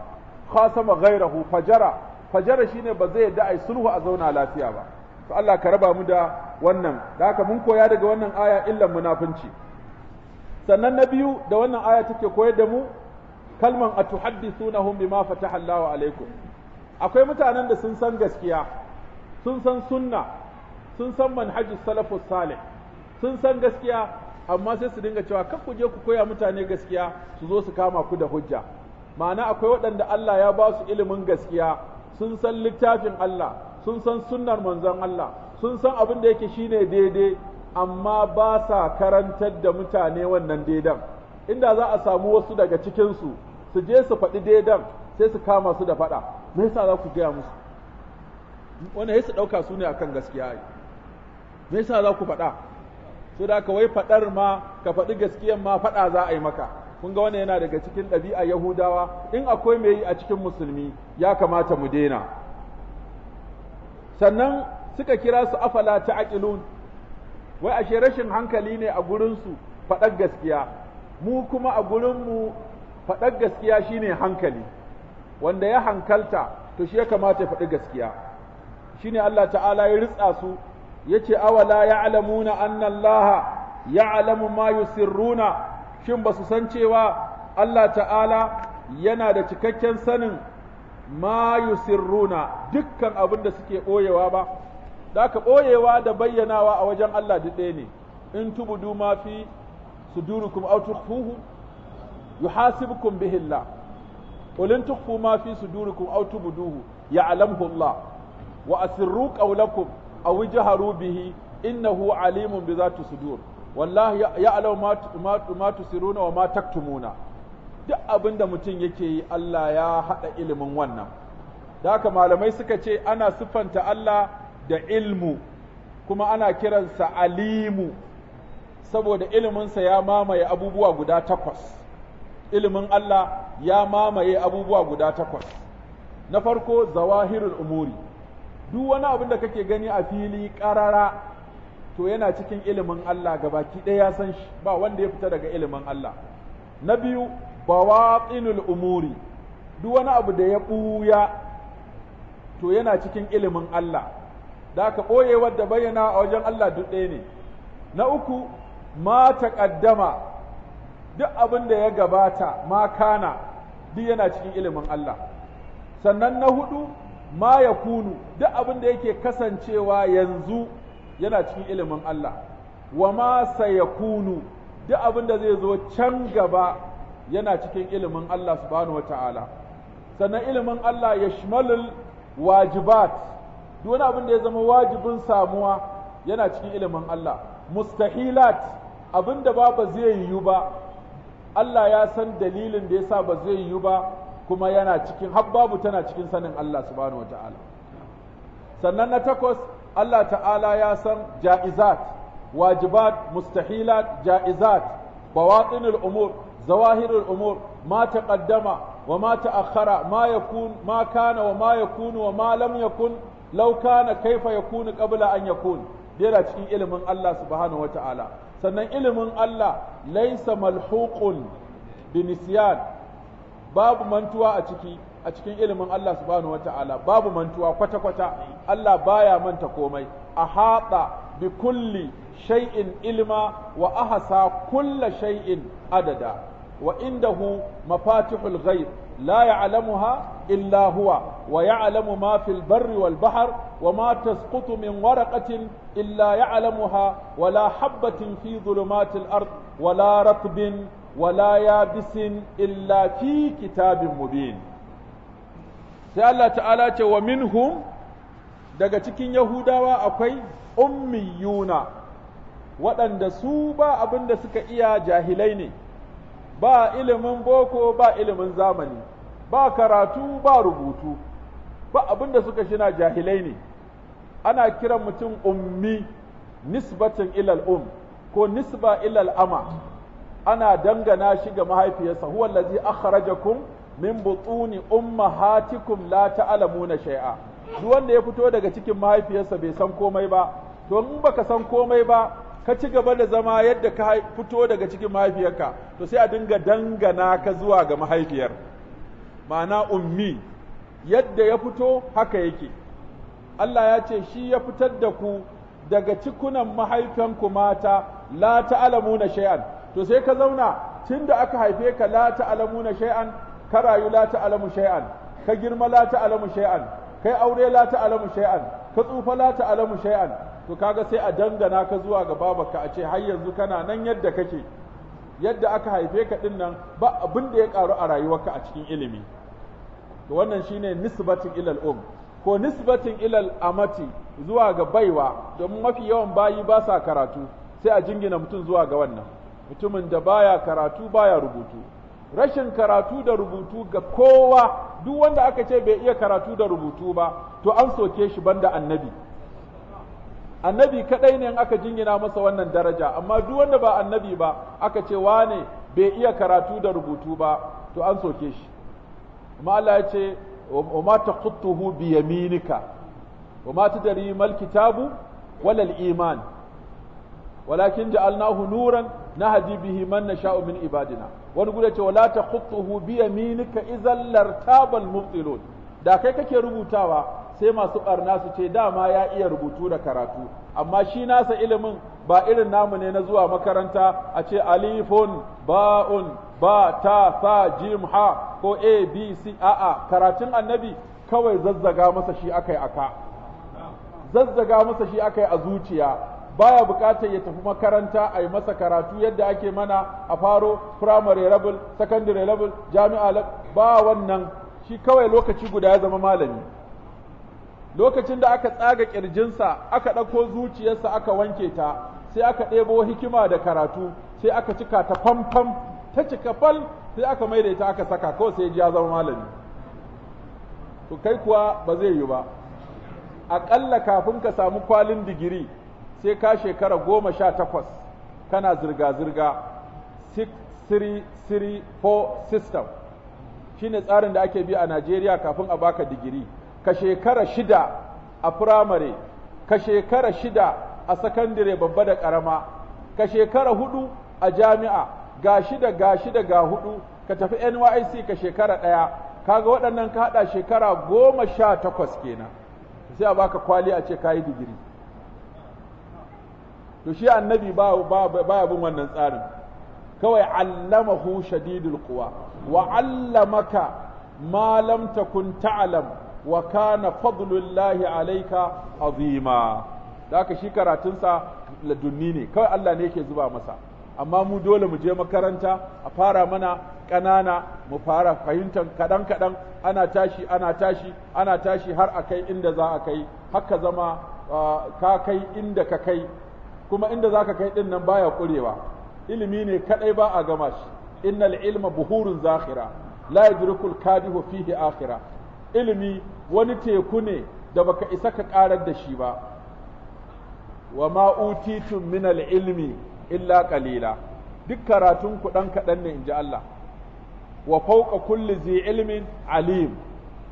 khasama ghairahu fajara fajara shine ba zai yadda ai sulhu a zauna lafiya ba to Allah ka raba mu da wannan da haka mun koya daga wannan aya illan munafinci sannan na biyu da wannan aya take koyar da mu kalman atuhaddithunahum bima fataha Allahu alaikum akwai mutanen da sun san gaskiya sun san sunna sun san manhajus salafus salih sun san gaskiya amma sai su dinga cewa kan ku je ku koya mutane gaskiya su zo su kama ku da hujja ma'ana akwai waɗanda Allah ya ba su ilimin gaskiya sun san littafin Allah sun san sunnar manzon Allah sun san abin da yake shine daidai amma ba sa karantar da mutane wannan daidan inda za a samu wasu daga cikinsu su je su faɗi daidan sai su kama su da faɗa me yasa za ku gaya musu wani sai su ɗauka su ne akan gaskiya me yasa za ku faɗa so da ka wai faɗar ma ka faɗi gaskiyan ma faɗa za a yi maka kun ga wannan yana daga cikin ɗabi'a yahudawa in akwai mai yi a cikin musulmi ya kamata mu daina sannan suka kira su afala ta aqilun wai ashe rashin hankali ne a gurinsu faɗar gaskiya mu kuma a gurin mu faɗar gaskiya shine hankali wanda ya hankalta to shi ya kamata ya faɗi gaskiya shine Allah ta'ala ya ritsa su yace awala ya'lamuna anna Allah ya'lamu ma yusirruna shin basu san cewa Allah ta'ala yana da cikakken sanin ma yusirruna dukkan abin da suke boyewa ba da ka boyewa da bayyanawa a wajen Allah duk ɗaya ne in tubudu ma fi sudurukum aw tukhfuhu yuhasibukum bihi Allah qul in tukhfu ma fi sudurikum aw tubduhu ya'lamuhu Allah wa aw jaharu bihi innahu alimun bi zati sudur wallahi ya'lamu ma ma ma tusiruna wa ma taktumuna duk abinda mutum yake yi Allah ya hada ilimin wannan da haka malamai suka ce ana sifanta Allah da ilmu kuma ana kiransa alimu saboda iliminsa ya mamaye abubuwa guda takwas ilimin Allah ya mamaye abubuwa guda takwas na farko zawahirul umuri duk wani abin da kake gani a fili ƙarara to yana cikin ilimin Allah gabaki ɗaya ya san shi ba wanda ya fita daga ilimin Allah na biyu bawatinul umuri duk wani abu da ya ɓuya to yana cikin ilimin Allah da aka ɓoye da bayyana a wajen Allah duk ɗaya ne na uku ma taƙaddama duk abin da ya gabata ma kana duk yana cikin ilimin Allah sannan na hudu ma ya kunu duk abin da yake kasancewa yanzu yana cikin ilimin Allah wa ma sayakunu duk abin da zai zo can gaba yana cikin ilimin Allah subhanahu wata'ala sannan ilimin Allah ya shimalul wajibat duk wani abin da ya zama wajibin samuwa yana cikin ilimin Allah mustahilat abinda da ba ba zai yiwu ba Allah ya san dalilin da yasa ba zai yiwu ba kuma yana cikin habbabu tana cikin sanin Allah subhanahu wataala sannan na takwas Allah ta'ala ya san ja'izat wajibat mustahilat ja'izat bawatinul umur zawahirul umur ma taqaddama wa ma ta'akhkhara ma ya ma kana wa ma yakunu wa ma lam yakun law kana kaifa yakunu qabla an yakun yana cikin ilimin Allah subhanahu wataala sannan ilimin Allah laisa malhuƙun binisyan babu mantuwa a ciki a cikin ilimin Allah subhanahu wataala babu mantuwa kwata kwata Allah baya manta komai a haɗa bi kulli shay'in ilma wa ahasa kulla shay'in adada wa indahu mafatihul ghaib la ya'lamuha illa huwa wa ya'lamu ma fil barri wal bahr wa ma tasqutu min waraqatin illa ya'lamuha wa la habatin fi dhulumatil ard wa la ratbin wala يابس bisin في كتاب مبين sai Allah ta'ala ce wa minhum daga cikin yahudawa akwai ummiyuna waɗanda su ba abin suka iya jahilai ne ba ilimin boko ba ilimin zamani ba karatu ba rubutu ba abin da suka shina jahilai ne ana kiran mutum ummi nisbatin ilal um ko nisba ilal ama ana dangana shi ga mahaifiyarsa huwa allazi akhrajakum min butuni ummahatikum la ta'lamuna shay'a duk wanda ya fito daga cikin mahaifiyarsa bai san komai ba to in baka san komai ba ka ci gaba da zama yadda ka fito daga cikin mahaifiyarka to sai a dinga dangana ka zuwa ga mahaifiyar ma'ana ummi yadda ya fito haka yake Allah ya ce shi ya fitar da ku daga cikunan mahaifanku mata la ta'lamuna shay'an to sai ka zauna tunda aka haife ka la na shay'an ka rayu la ta'lamu shay'an ka girma la ta'lamu shay'an kai aure la ta'lamu shay'an ka tsufa la alamu shay'an to kaga sai a dangana ka zuwa ga babarka a ce har yanzu kana nan yadda kake yadda aka haife ka din nan ba abin da ya karu a rayuwarka a cikin ilimi to wannan shine nisbatin ilal um ko nisbatin ilal amati zuwa ga baiwa domin mafi yawan bayi ba sa karatu sai a jingina mutum zuwa ga wannan mutumin da baya karatu baya rubutu rashin karatu da rubutu ga kowa duk wanda aka ce bai iya karatu da rubutu ba to an soke shi banda annabi annabi kadai ne aka jingina masa wannan daraja amma duk wanda ba annabi ba aka ce wane bai iya karatu da rubutu ba to an soke shi amma Allah ya ce wa ma taqutuhu bi yaminika wa ma tadri mal kitabu wal iman walakin ja'alnahu nuran nahdi bihi man nasha'u min ibadina wani guda ce wala takhutuhu bi yaminika idhal lartabal mubtilun da kai kake rubutawa sai masu barna su ce dama ya iya rubutu da karatu amma shi nasa ilimin ba irin namu ne na zuwa makaranta a ce alifun ba'un ba ta sa jim ha ko a b c a karatun annabi kawai zazzaga masa shi akai aka zazzaga masa shi akai a zuciya baya bukatar ya tafi makaranta a yi masa karatu yadda ake mana a faro primary level secondary level jami'a ba wannan shi kawai lokaci guda ya zama malami lokacin da aka tsaga kirjinsa aka ɗauko zuciyarsa aka wanke ta sai aka ɗebo hikima da karatu sai aka cika ta famfam ta cika fal sai aka maida ita aka saka kawai sai ya zama malami to kai kuwa ba zai yi ba aƙalla kafin ka samu kwalin digiri sai ka shekara goma sha takwas kana zirga-zirga 6334 system Shi ne tsarin da ake bi a Najeriya kafin a baka digiri ka shekara shida a firamare ka shekara shida a sakandire babba da ƙarama ka shekara hudu a jami'a ga shida ga shida ga hudu ka tafi NYC ka shekara ɗaya kaga waɗannan ka haɗa shekara goma sha takwas kenan sai a baka kwali a ce ka yi digiri to shi annabi ba ba bin wannan tsarin kawai allamahu shadidul quwa wa allamaka ma lam takun ta'lam wa kana fadlullahi alayka azima da haka shi karatunsa ladunni ne kawai Allah ne yake zuba masa amma mu dole mu je makaranta a fara mana ƙanana mu fara fahimtar kaɗan kaɗan ana tashi ana tashi ana tashi har akai kai inda za a kai haka zama ah, ka kai inda ka kai kuma inda ka kai ɗin nan baya kurewa ilimi ne kadai ba a gama shi innal ilma buhurun zahira la yudrikul kadihu fihi akhira ilimi wani teku ne da baka isa ka karar da shi ba wa ma utitum min al ilmi illa qalila duk karatun ku dan kadan ne inji Allah wa fawqa kulli zi ilmin alim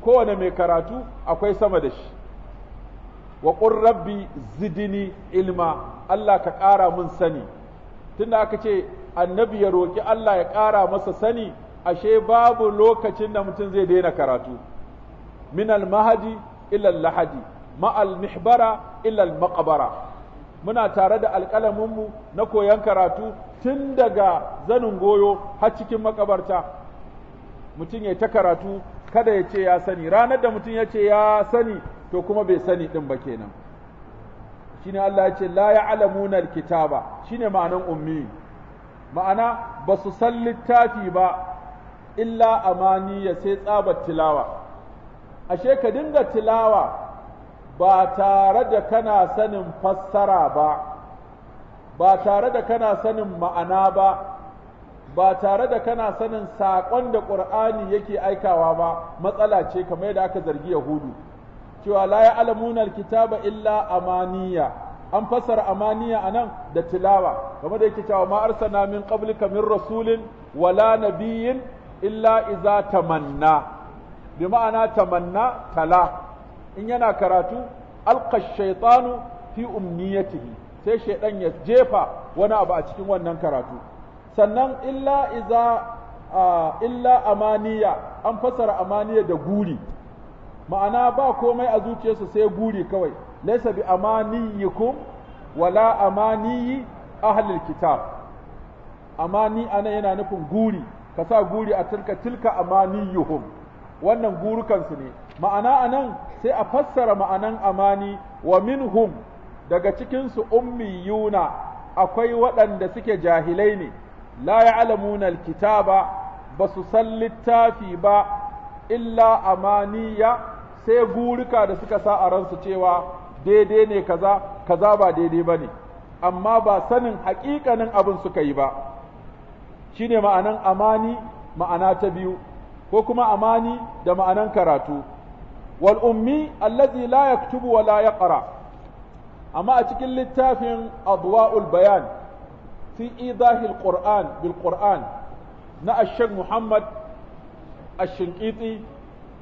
kowane mai karatu akwai sama da shi wa rabbi zidini ilma Allah ka ƙara mun sani tunda aka ce annabi ya roƙi Allah ya ƙara masa sani ashe babu lokacin da mutum zai daina karatu min al ila lahadi ma al mihbara ila al muna tare da mu na koyon karatu tun daga zanin goyo har cikin makabarta mutum ya ta karatu kada ya ce ya sani ranar da mutum ya ce ya sani to kuma bai sani din ba kenan shine Allah ya ce la ya'lamuna alkitaba shine ma'anan ummi ma'ana ba su san littafi ba illa amaniya sai tsabar tilawa ashe ka dinga tilawa ba tare da kana sanin fassara ba ba tare da kana sanin ma'ana ba ba tare da kana sanin saƙon da ƙur'ani yake aikawa ba matsala ce kamar yadda aka zargi yahudu cewa la alamunar kitaba illa amaniya an fasara amaniya a nan da tilawa kamar da yake cewa ma arsalna min ƙabli kamar rasulin wala nabiyyin illa iza tamanna bi ma'ana tamanna tala in yana karatu alka shaitanu fi umniyatihi sai shaidan ya jefa wani abu a cikin wannan karatu sannan illa iza illa amaniya an fasara amaniya da guri ma'ana ba komai a zuciyarsu sai guri kawai laysa bi amaniyikum wala amaniyi ahlul kitab amani ana yana nufin guri ka sa guri a tilka tilka amaniyuhum wannan gurukansu ne ma'ana anan sai a fassara ma'anan amani wa minhum daga cikin cikinsu ummiyuna akwai waɗanda suke jahilai ne la ya'lamuna alkitaba ba su san littafi ba illa amaniya sai gurika da suka sa a ransu cewa daidai ne kaza kaza ba daidai ba ne amma ba sanin haƙiƙanin abin suka yi ba shi ne ma'anan amani ma'ana ta biyu ko kuma amani da ma'anan karatu wal ummi allazi la yaktubu wa la yaqra amma a cikin littafin adwa'ul bayan fi idahil qur'an bil qur'an na ash muhammad ashinqiti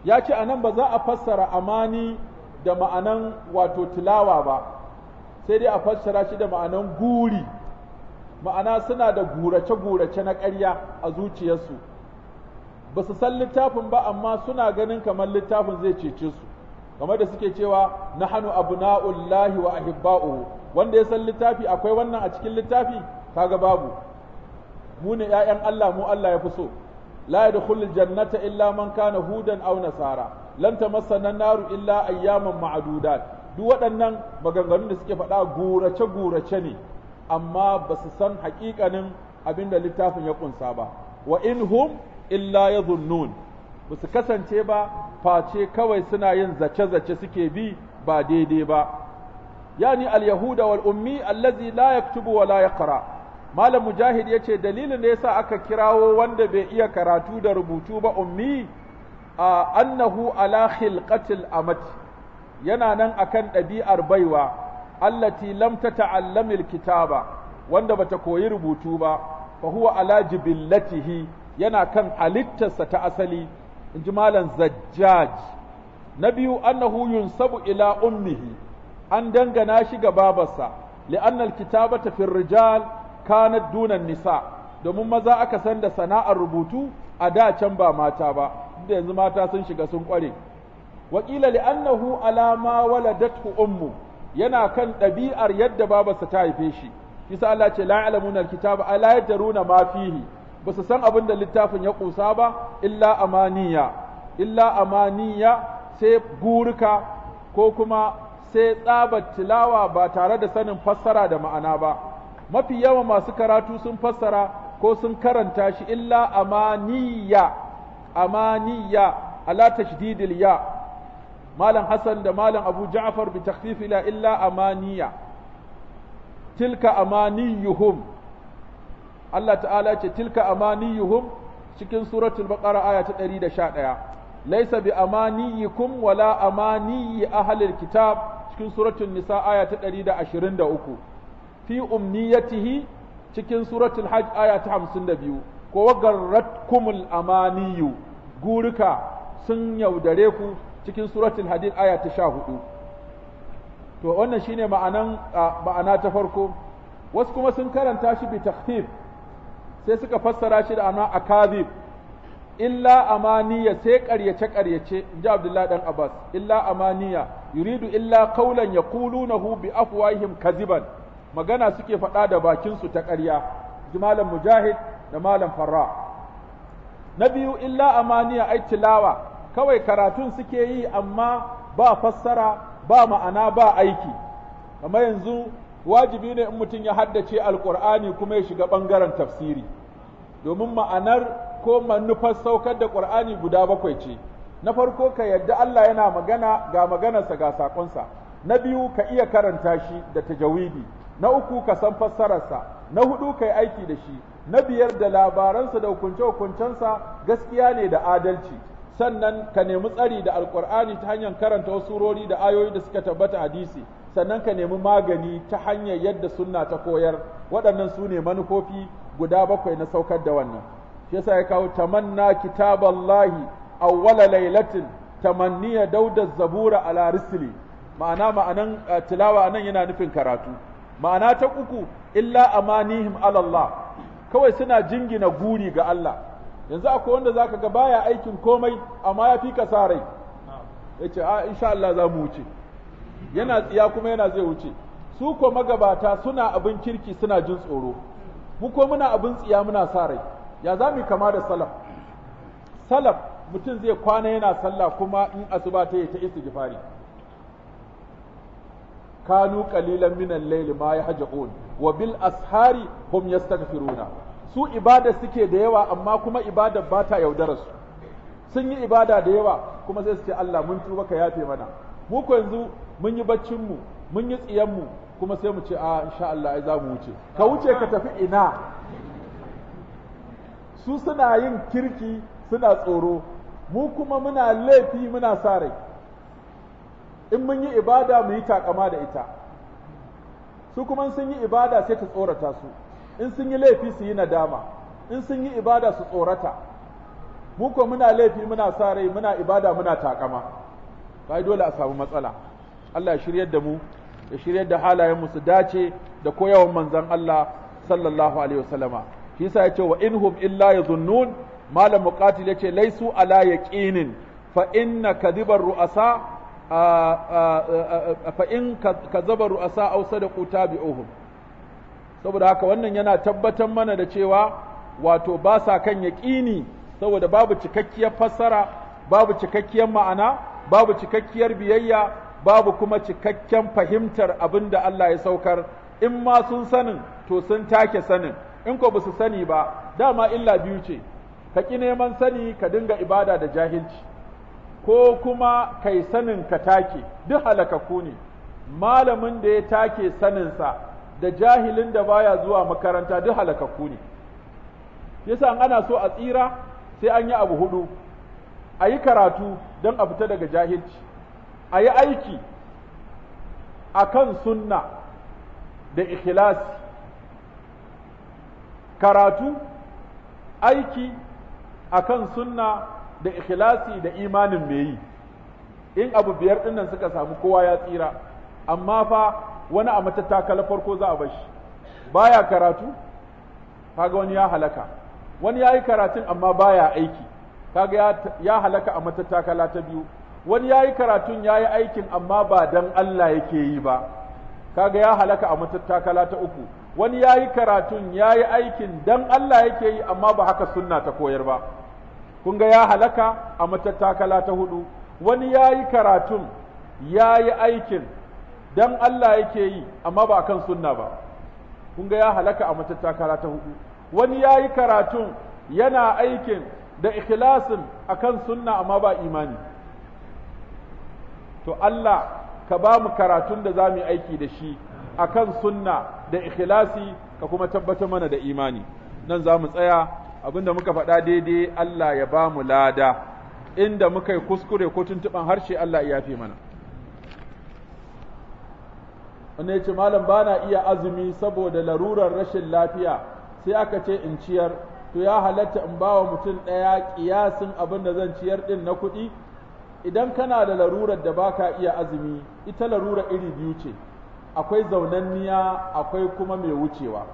ya ce a nan ba za a fassara amani da ma'anan wato tilawa ba sai dai a fassara shi da ma'anan guri ma'ana suna da gurace-gurace na karya a zuciyarsu ba su san littafin ba amma suna ganin kamar littafin zai cece su kamar da suke cewa na hannu abu na'ullahi wa ahibba'u wanda ya san littafi akwai wannan a cikin littafi kaga babu mu ne 'ya'yan Allah mu Allah ya fi so da yadkhulul jannata illa man kana hudan aw nasara lan tamassana illa ayyaman ma'dudat duk waɗannan maganganun da suke faɗa gurace gurace ne amma ba su san haƙiƙanin abinda littafin ya ƙunsa ba wa in hum illa zunnun ba su kasance ba face kawai suna yin zace-zace suke bi ba daidai ba yani al-yahuda wal ummi allazi la yaktubu wa la yaqra malam mujahid ya ce dalilin da yasa aka kirawo wanda bai iya karatu da rubutu ba ummi a annahu ala khilqatil amat yana nan akan ɗabi'ar baiwa allati lam ta'allamil kitaba wanda bata koyi rubutu ba fa huwa ala jibillatihi yana kan halittarsa ta asali in ji malam zajjaj na biyu annahu yunsabu ila ummihi an dangana shi ga babarsa li'anna alkitabata fi rijal kanat dunan nisa domin maza aka san da sana'ar rubutu a da can ba mata ba da yanzu mata sun shiga sun kware wakila annahu alama waladatu ummu yana kan ɗabi'ar yadda babarsa ta haife shi kisa Allah ce la ya'lamuna alkitaba ala yadruna ma fihi basu san abin da littafin ya kusa ba illa amaniya illa amaniya sai gurka ko kuma sai tsabar tilawa ba tare da sanin fassara da ma'ana ba mafi yawa masu karatu sun fassara ko sun karanta shi illa amaniya amaniya ala tashdidil ya malam hasan da malam abu ja'far bi takhfif ila illa amaniya tilka amaniyuhum Allah ta'ala ce tilka amaniyuhum cikin suratul baqara aya ta 111 laysa bi amaniyikum wala amaniyi ahlil kitab cikin suratul nisa aya ta 123 fi umniyatihi cikin suratul hajj aya ta biyu ko garratkumul amaniyu gurika sun yaudare ku cikin suratul hadid aya ta hudu to wannan shine ma'anan ma'ana ta farko wasu kuma sun karanta shi bi takhfif sai suka fassara shi da ana akazib illa amaniya sai ƙaryace ƙaryace inji Abdullahi dan Abbas illa amaniya yuridu illa qawlan yaqulunahu bi afwahihim kaziban magana suke faɗa da bakin su ta ƙarya malam mujahid da malam farra na biyu illa amaniya ai tilawa kawai karatun suke yi amma ba fassara ba ma'ana ba aiki kamar yanzu wajibi ne in mutum ya haddace alƙur'ani kuma ya shiga ɓangaren tafsiri domin ma'anar ko manufar saukar da ƙur'ani guda bakwai ce na farko ka yadda Allah yana magana ga maganarsa ga saƙonsa na biyu ka iya karanta shi da tajawidi na uku ka san fassararsa na hudu kai aiki da shi na biyar da labaransa da hukunce-hukuncensa gaskiya ne da adalci sannan ka nemi tsari da alkur'ani ta hanyar karanta wasu surori da ayoyi da suka tabbata hadisi sannan ka nemi magani ta hanyar yadda sunna ta koyar waɗannan su ne manufofi guda bakwai na saukar da wannan shi yasa ya kawo tamanna kitaballahi awwala lailatin tamanniya dauda zabura ala risli ma'ana ma'anan eh, tilawa anan yana nufin karatu ma'ana ta uku illa amanihim alallah kawai suna jingina guri ga Allah yanzu akwai wanda zaka ga baya aikin komai amma ya fi kasarai yace a ah, insha Allah za mu wuce yana tsiya kuma yana zai wuce su ko magabata suna abin kirki suna jin tsoro mu ko muna abin tsiya muna sa ya za mu kama da salaf salaf mutum zai kwana yana sallah kuma in asuba ta yi ta istighfari kanu qalilan min al-layli ma yahjaun wa bil ashari hum yastaghfiruna su ibada suke da yawa amma kuma ibada ba ta yaudara su sun yi ibada da yawa kuma sai su ce Allah mun tuba ka yafe mana mu ko yanzu mun yi baccin mu mun yi tsiyan mu kuma sai mu ce a insha Allah ai za mu wuce ka wuce ka tafi ina su suna yin kirki suna tsoro mu kuma muna laifi muna sa rai in mun yi ibada mu yi takama da ita su kuma sun yi ibada sai ta tsorata su in sun yi laifi su yi nadama in sun yi ibada su tsorata mu ko muna laifi muna sa rai muna ibada muna takama bai dole a samu matsala Allah ya shiryar da mu ya shiryar da halayen mu su dace da koyawan manzon Allah sallallahu alaihi wasallama shi yasa yace wa inhum illa yadhunnun malam muqatil yace laisu ala yaqinin fa inna kadhibar ru'asa fa in kazaba ru'asa aw sadaqu tabi'uhum saboda haka wannan yana tabbatar mana da cewa wato ba sa kan yaqini saboda babu cikakkiyar fassara babu cikakkiyar ma'ana babu cikakkiyar biyayya babu kuma cikakken fahimtar abin da Allah ya saukar in ma sun sanin to sun take sanin in ko ba su sani ba dama illa biyu ce ka ki neman sani ka dinga ibada da jahilci ko kuma kai sanin ka take duk halakaku ne malamin da ya take saninsa da jahilin da baya zuwa makaranta duk halakaku ne yasa ana so a tsira sai an yi abu hudu a yi karatu don a fita daga jahilci a yi aiki a kan sunna da ikhlasi karatu aiki akan kan sunna da ikhlasi da imanin me yi in abu biyar dinnan suka samu kowa ya tsira amma fa wani a matattakala farko za a bashi baya karatu kaga wani ya halaka wani yayi karatun amma baya aiki kaga ya halaka a matattakala ta biyu wani yayi karatun yayi aikin amma ba dan Allah yake yi ba kaga ya halaka a matattakala ta uku wani yayi karatun yayi aikin dan Allah yake yi amma ba haka sunna ta koyar ba kun ga ya halaka a matattakala ta hudu wani ya yi karatun ya yi aikin don Allah yake yi amma ba kan sunna ba kun ga ya halaka a matattakala ta hudu wani ya yi karatun yana aikin da ikhlasin kan sunna amma ba imani to Allah ka ba mu karatun da za mu aiki da shi kan sunna da ikhlasi ka kuma tabbatar mana da imani nan za mu tsaya abinda muka faɗa daidai Allah ya ba mu lada inda muka yi kuskure ko tuntuɓan harshe Allah ya fi mana wanda ce malam ba na iya azumi saboda larurar rashin lafiya sai aka ce in ciyar to ya halatta in ba wa mutum ɗaya ƙiyasin abin da zan ciyar ɗin na kuɗi idan kana da larurar da baka iya azumi ita larura iri biyu ce akwai zaunanniya akwai kuma mai wucewa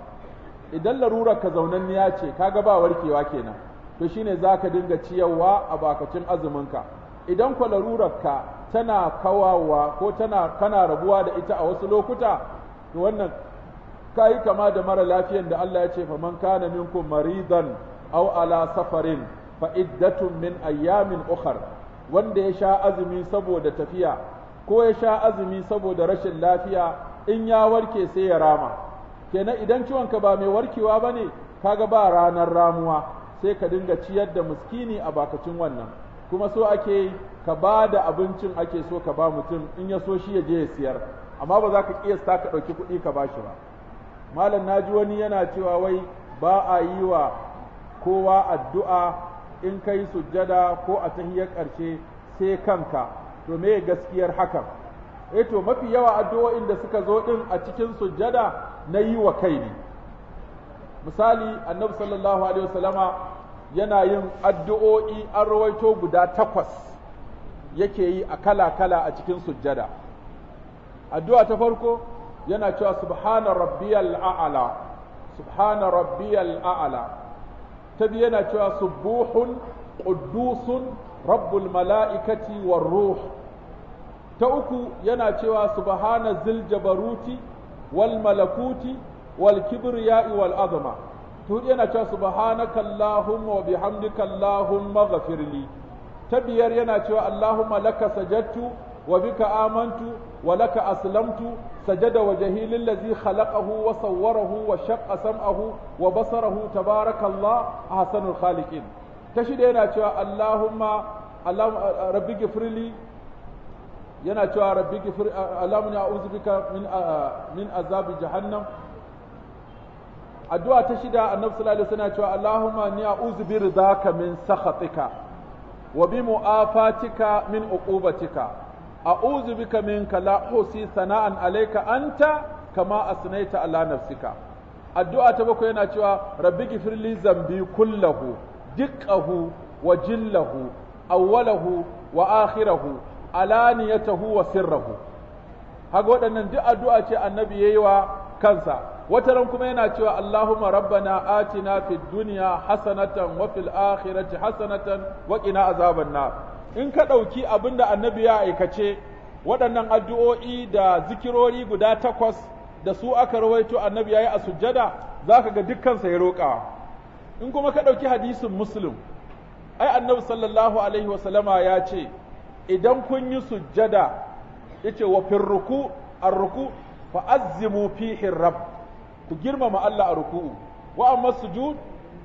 idan larurar ka zaunanniya ce kaga ba warkewa kenan to shine zaka dinga ciyarwa a bakacin azuminka idan ko larurar ka tana kawawa ko tana kana rabuwa da ita a wasu lokuta to wannan kai kama da mara lafiyan da Allah ya ce fa man kana minkum maridan aw ala safarin fa iddatun min ayyamin ukhar wanda ya sha azumi saboda tafiya ko ya sha azumi saboda rashin lafiya in ya warke sai ya rama kenan idan ciwonka ba mai warkewa ba ne kaga ba ranar ramuwa sai ka dinga ciyar da muskini a bakacin wannan kuma so ake ka ba da abincin ake so ka ba mutum in ya so shi ya je ya siyar amma ba za ka sa ka ɗauki kuɗi ka ba shi ba malam na ji wani yana cewa wai ba a yi wa kowa addu'a in kai sujjada ko a tahiyar ƙarshe sai kanka to me gaskiyar hakan E to mafi yawa addu'o'in da suka zo din a cikin sujjada na yi wa kai ne misali annabi sallallahu alaihi wasallama yana yin addu'o'i an rawaito guda takwas yake yi a kala-kala a cikin sujjada addu'a ta farko yana cewa subhana rabbiyal a'ala subhana rabbiyal a'ala ta biyu yana cewa subuhun quddusun rabbul mala'ikati war ruh ta uku yana cewa subhana zil jabaruti wal malakuti wal kibriya'i wal azma ta yana cewa subhanaka allahumma wa bihamdika allahumma ghafirli ta biyar yana cewa allahumma laka sajadtu wa bika amantu wa laka aslamtu sajada wajhi lillazi khalaqahu wa sawwarahu wa shaqqa sam'ahu wa basarahu tabarakallah ahsanul khaliqin ta shida yana cewa allahumma allahumma rabbighfirli yana cewa rabbi gifir alamuni a'udhu bika min azabi jahannam addu'a ta shida annabi sallallahu alaihi wasallam cewa allahumma ni a'udhu bi ridaka min sakhatika wa bi mu'afatika min uqubatika a'udhu bika minka la husi sana'an alayka anta kama asnaita ala nafsika addu'a ta bakwai yana cewa rabbi gifir li zambi kullahu diqqahu wa jillahu awwalahu wa akhirahu alaniyatahu wa sirrahu haka waɗannan duk addu'a ce annabi yayi wa kansa wata ran kuma yana cewa Allahumma rabbana atina fid dunya hasanatan wa fil akhirati hasanatan wa qina azaban nar in ka dauki abinda annabi ya aikace waɗannan addu'o'i da zikirori guda takwas da su aka rawaito annabi yayi a sujjada zaka ga dukkan sa ya roƙa in kuma ka dauki hadisin muslim ai annabi sallallahu alaihi wasallama ya ce idan kun yi sujjada yace wa Ruku arruku fa azzimu fihi rabb ku girmama Allah a ruku'u wa amma sujud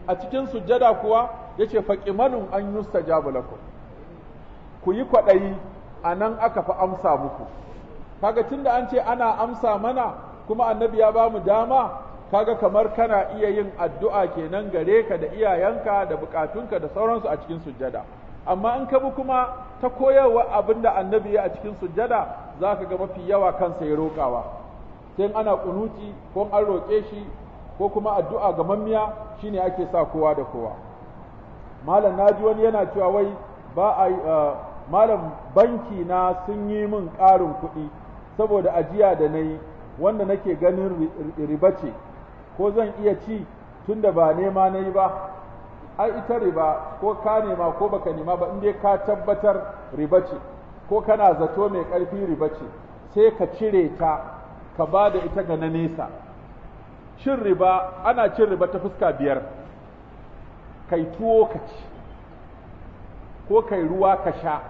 a cikin sujjada kuwa yace faqimanun an yustajabu lakum ku yi kwadayi anan aka fa amsa muku kaga tunda an ce ana amsa mana kuma annabi ya ba mu dama kaga kamar kana iya yin addu'a kenan gare ka da iyayenka da bukatunka da sauransu a cikin sujjada amma in ka bi kuma ta koyarwa abinda annabi ya a cikin sujjada za ka ga mafi yawa kansa ya roƙawa. sai ana kunuti ko an roƙe shi ko kuma addu'a ga mammiya shine ake sa kowa da kowa malam naji wani yana cewa wai ba a eh, malam banki na sun yi min ƙarin kuɗi saboda ajiya da na yi wanda nake ganin riba ko zan iya ci tunda ba nema na yi ba ai ita riba ko ka nema ko baka nema ba inda ka tabbatar riba ce ko kana zato mai ƙarfi riba ce sai ka cire ta ka ba da ita ga na nesa cin riba ana cin riba ta fuska biyar kai tuwo ka ci ko kai ruwa ka sha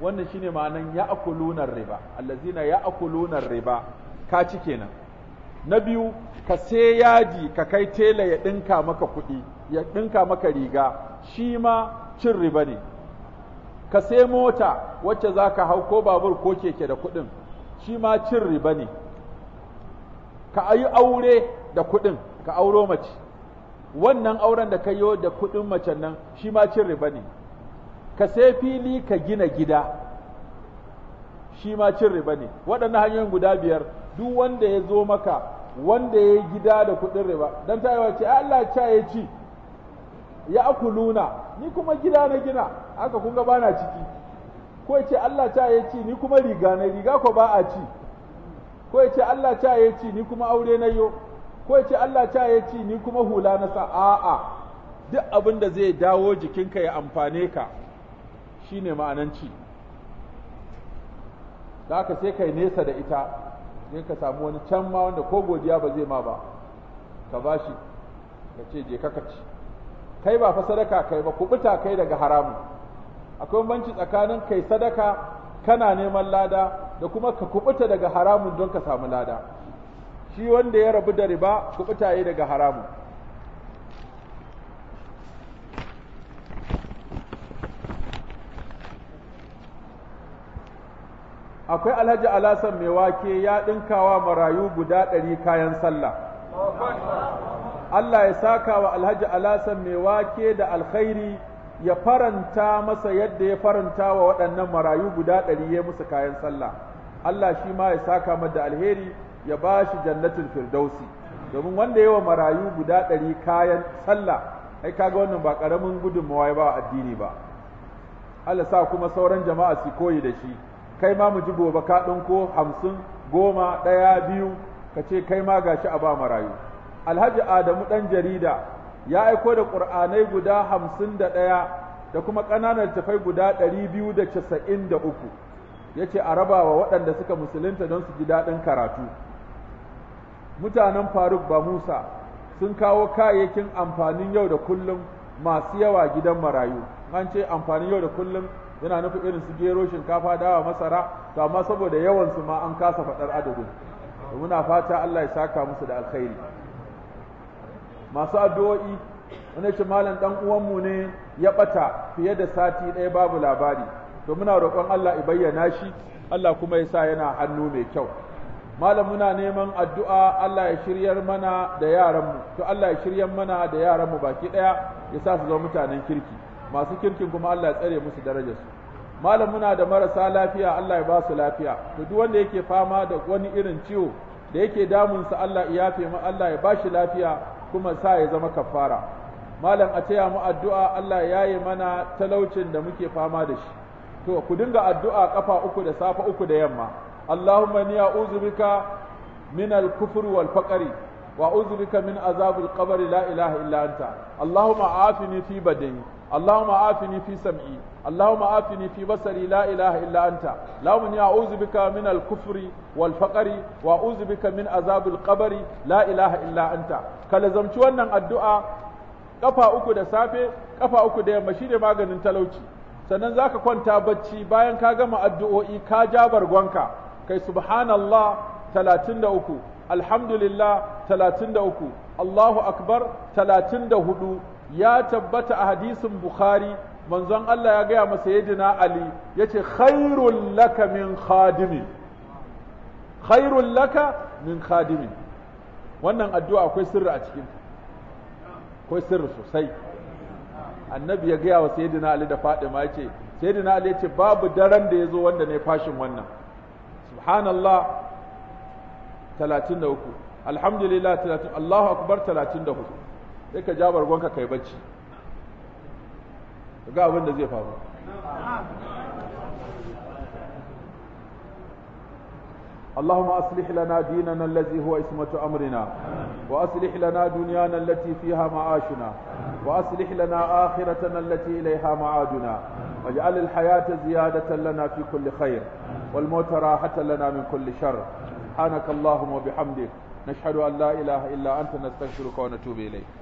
wannan shine ma'anan ya'kuluna riba allazina ya'kuluna riba ka ci kenan na biyu ka sai yadi ka kai tela ya ɗinka maka kuɗi ya ɗinka maka riga shi ma cin riba ne ka sai mota wacce za ka hau ko babur ko keke da kuɗin shi ma cin riba ne ka yi aure da kuɗin ka auro mace wannan auren da ka yi da kuɗin macen nan shi ma cin riba ne ka sai fili ka gina gida shi ma cin riba ne waɗannan hanyoyin guda biyar duk wanda ya zo maka wanda ya yi gida da kuɗin riba don ta yi ce Allah ca ya ci ya akuluna ni kuma gida na gina haka kun ga bana ciki ko ya ce Allah ca ya ci ni kuma riga na riga ko ba a ci ko ya ce Allah ca ya ci ni kuma aure na yo ko ya ce Allah ca ya ci ni kuma hula na sa a'a duk abin da zai dawo jikinka ya amfane ka shine ma'anan ci da haka sai kai nesa da ita ne ka samu wani can ma wanda ko godiya ba zai ma ba ka bashi ka ce je kaka ci kai ba fa sadaka kai ba kubuta kai daga haramu akwai banci tsakanin kai sadaka kana neman lada da kuma ka kubuta daga haramun don ka samu lada shi wanda ya rabu da riba kubuta yi daga haramun akwai alhaji alasan mai wake ya ɗinkawa marayu guda ɗari kayan sallah Allah ya saka wa alhaji alasan mai wake da alkhairi ya faranta masa yadda ya faranta wa waɗannan marayu guda ɗari ya musu kayan sallah Allah shi ma ya saka da alheri ya ba shi jannatin firdausi domin wanda yawa marayu guda ɗari kayan sallah ai kaga wannan ba ƙaramin gudunmawa ya ba addini ba Allah sa kuma sauran jama'a su koyi da shi kai ma mu ji gobe ka ko hamsin goma ɗaya biyu ka ce kai ma gashi a ba marayu alhaji adamu ɗan jarida ya aiko da ƙur'anai guda hamsin da ɗaya da kuma ƙananan tafai guda ɗari biyu da casa'in da uku ya ce a rabawa waɗanda suka musulunta don su ji daɗin karatu mutanen faruk ba musa sun kawo kayayyakin amfanin yau da kullum masu yawa gidan marayu an ce amfanin yau da kullum yana nufi irin su gero shinkafa dawa masara to amma saboda yawan su ma an kasa fadar adadin muna fata Allah ya saka musu da alkhairi masu addu'o'i wani ce malam dan uwan mu ne ya bata fiye da sati ɗaya babu labari to muna roƙon Allah ya bayyana shi Allah kuma ya sa yana hannu mai kyau malam muna neman addu'a Allah ya shiryar mana da yaran mu to Allah ya shiryar mana da yaran mu baki ɗaya ya sa su zama mutanen kirki masu kirkin kuma Allah ya tsare musu darajarsu malam muna da marasa lafiya Allah ya ba su lafiya to duk wanda yake fama da wani irin ciwo da yake damun sa Allah ya yafe mu Allah ya ba shi lafiya kuma sa ya zama kafara malam a taya mu addu'a Allah ya yi mana talaucin da muke fama da shi to ku dinga addu'a kafa uku da safa uku da yamma Allahumma ni a'udhu bika min al-kufr wal faqri وأعوذ بك من عذاب القبر لا إله إلا أنت اللهم عافني في بدني اللهم عافني في سمعي اللهم عافني في بصري لا إله إلا أنت اللهم إني أعوذ بك من الكفر والفقر وأعوذ بك من عذاب القبر لا إله إلا أنت كلزمت wannan addu'a kafa uku da safe kafa uku da yamma shine maganin talauci sannan zaka kwanta bacci bayan ka gama addu'o'i ka ja bargonka kai subhanallah 33 alhamdulillah uku Allahu akbar talatin da hudu ya tabbata a hadisin bukhari manzon Allah ya gaya masa yadina ali yace khairun laka min khadimi khairun laka min khadimi wannan addu'a akwai sirri a cikin akwai sirri sosai annabi ya gaya wa sayyidina ali da fatima yace sayyidina ali yace babu daren da ya zo wanda ne fashin wannan subhanallah 33 alhamdulillah 30 Allahu akbar 34 sai ka ja bargonka kai bacci ga abin da zai faru اللهم أصلح لنا ديننا الذي هو اسمة أمرنا وأصلح لنا دنيانا التي فيها معاشنا وأصلح لنا آخرتنا التي إليها معادنا واجعل الحياة زيادة لنا في كل خير والموت راحة لنا من كل شر subhanakallahumma wa bihamdik nashhadu an la ilaha illa anta nastaghfiruka wa natubu ilayk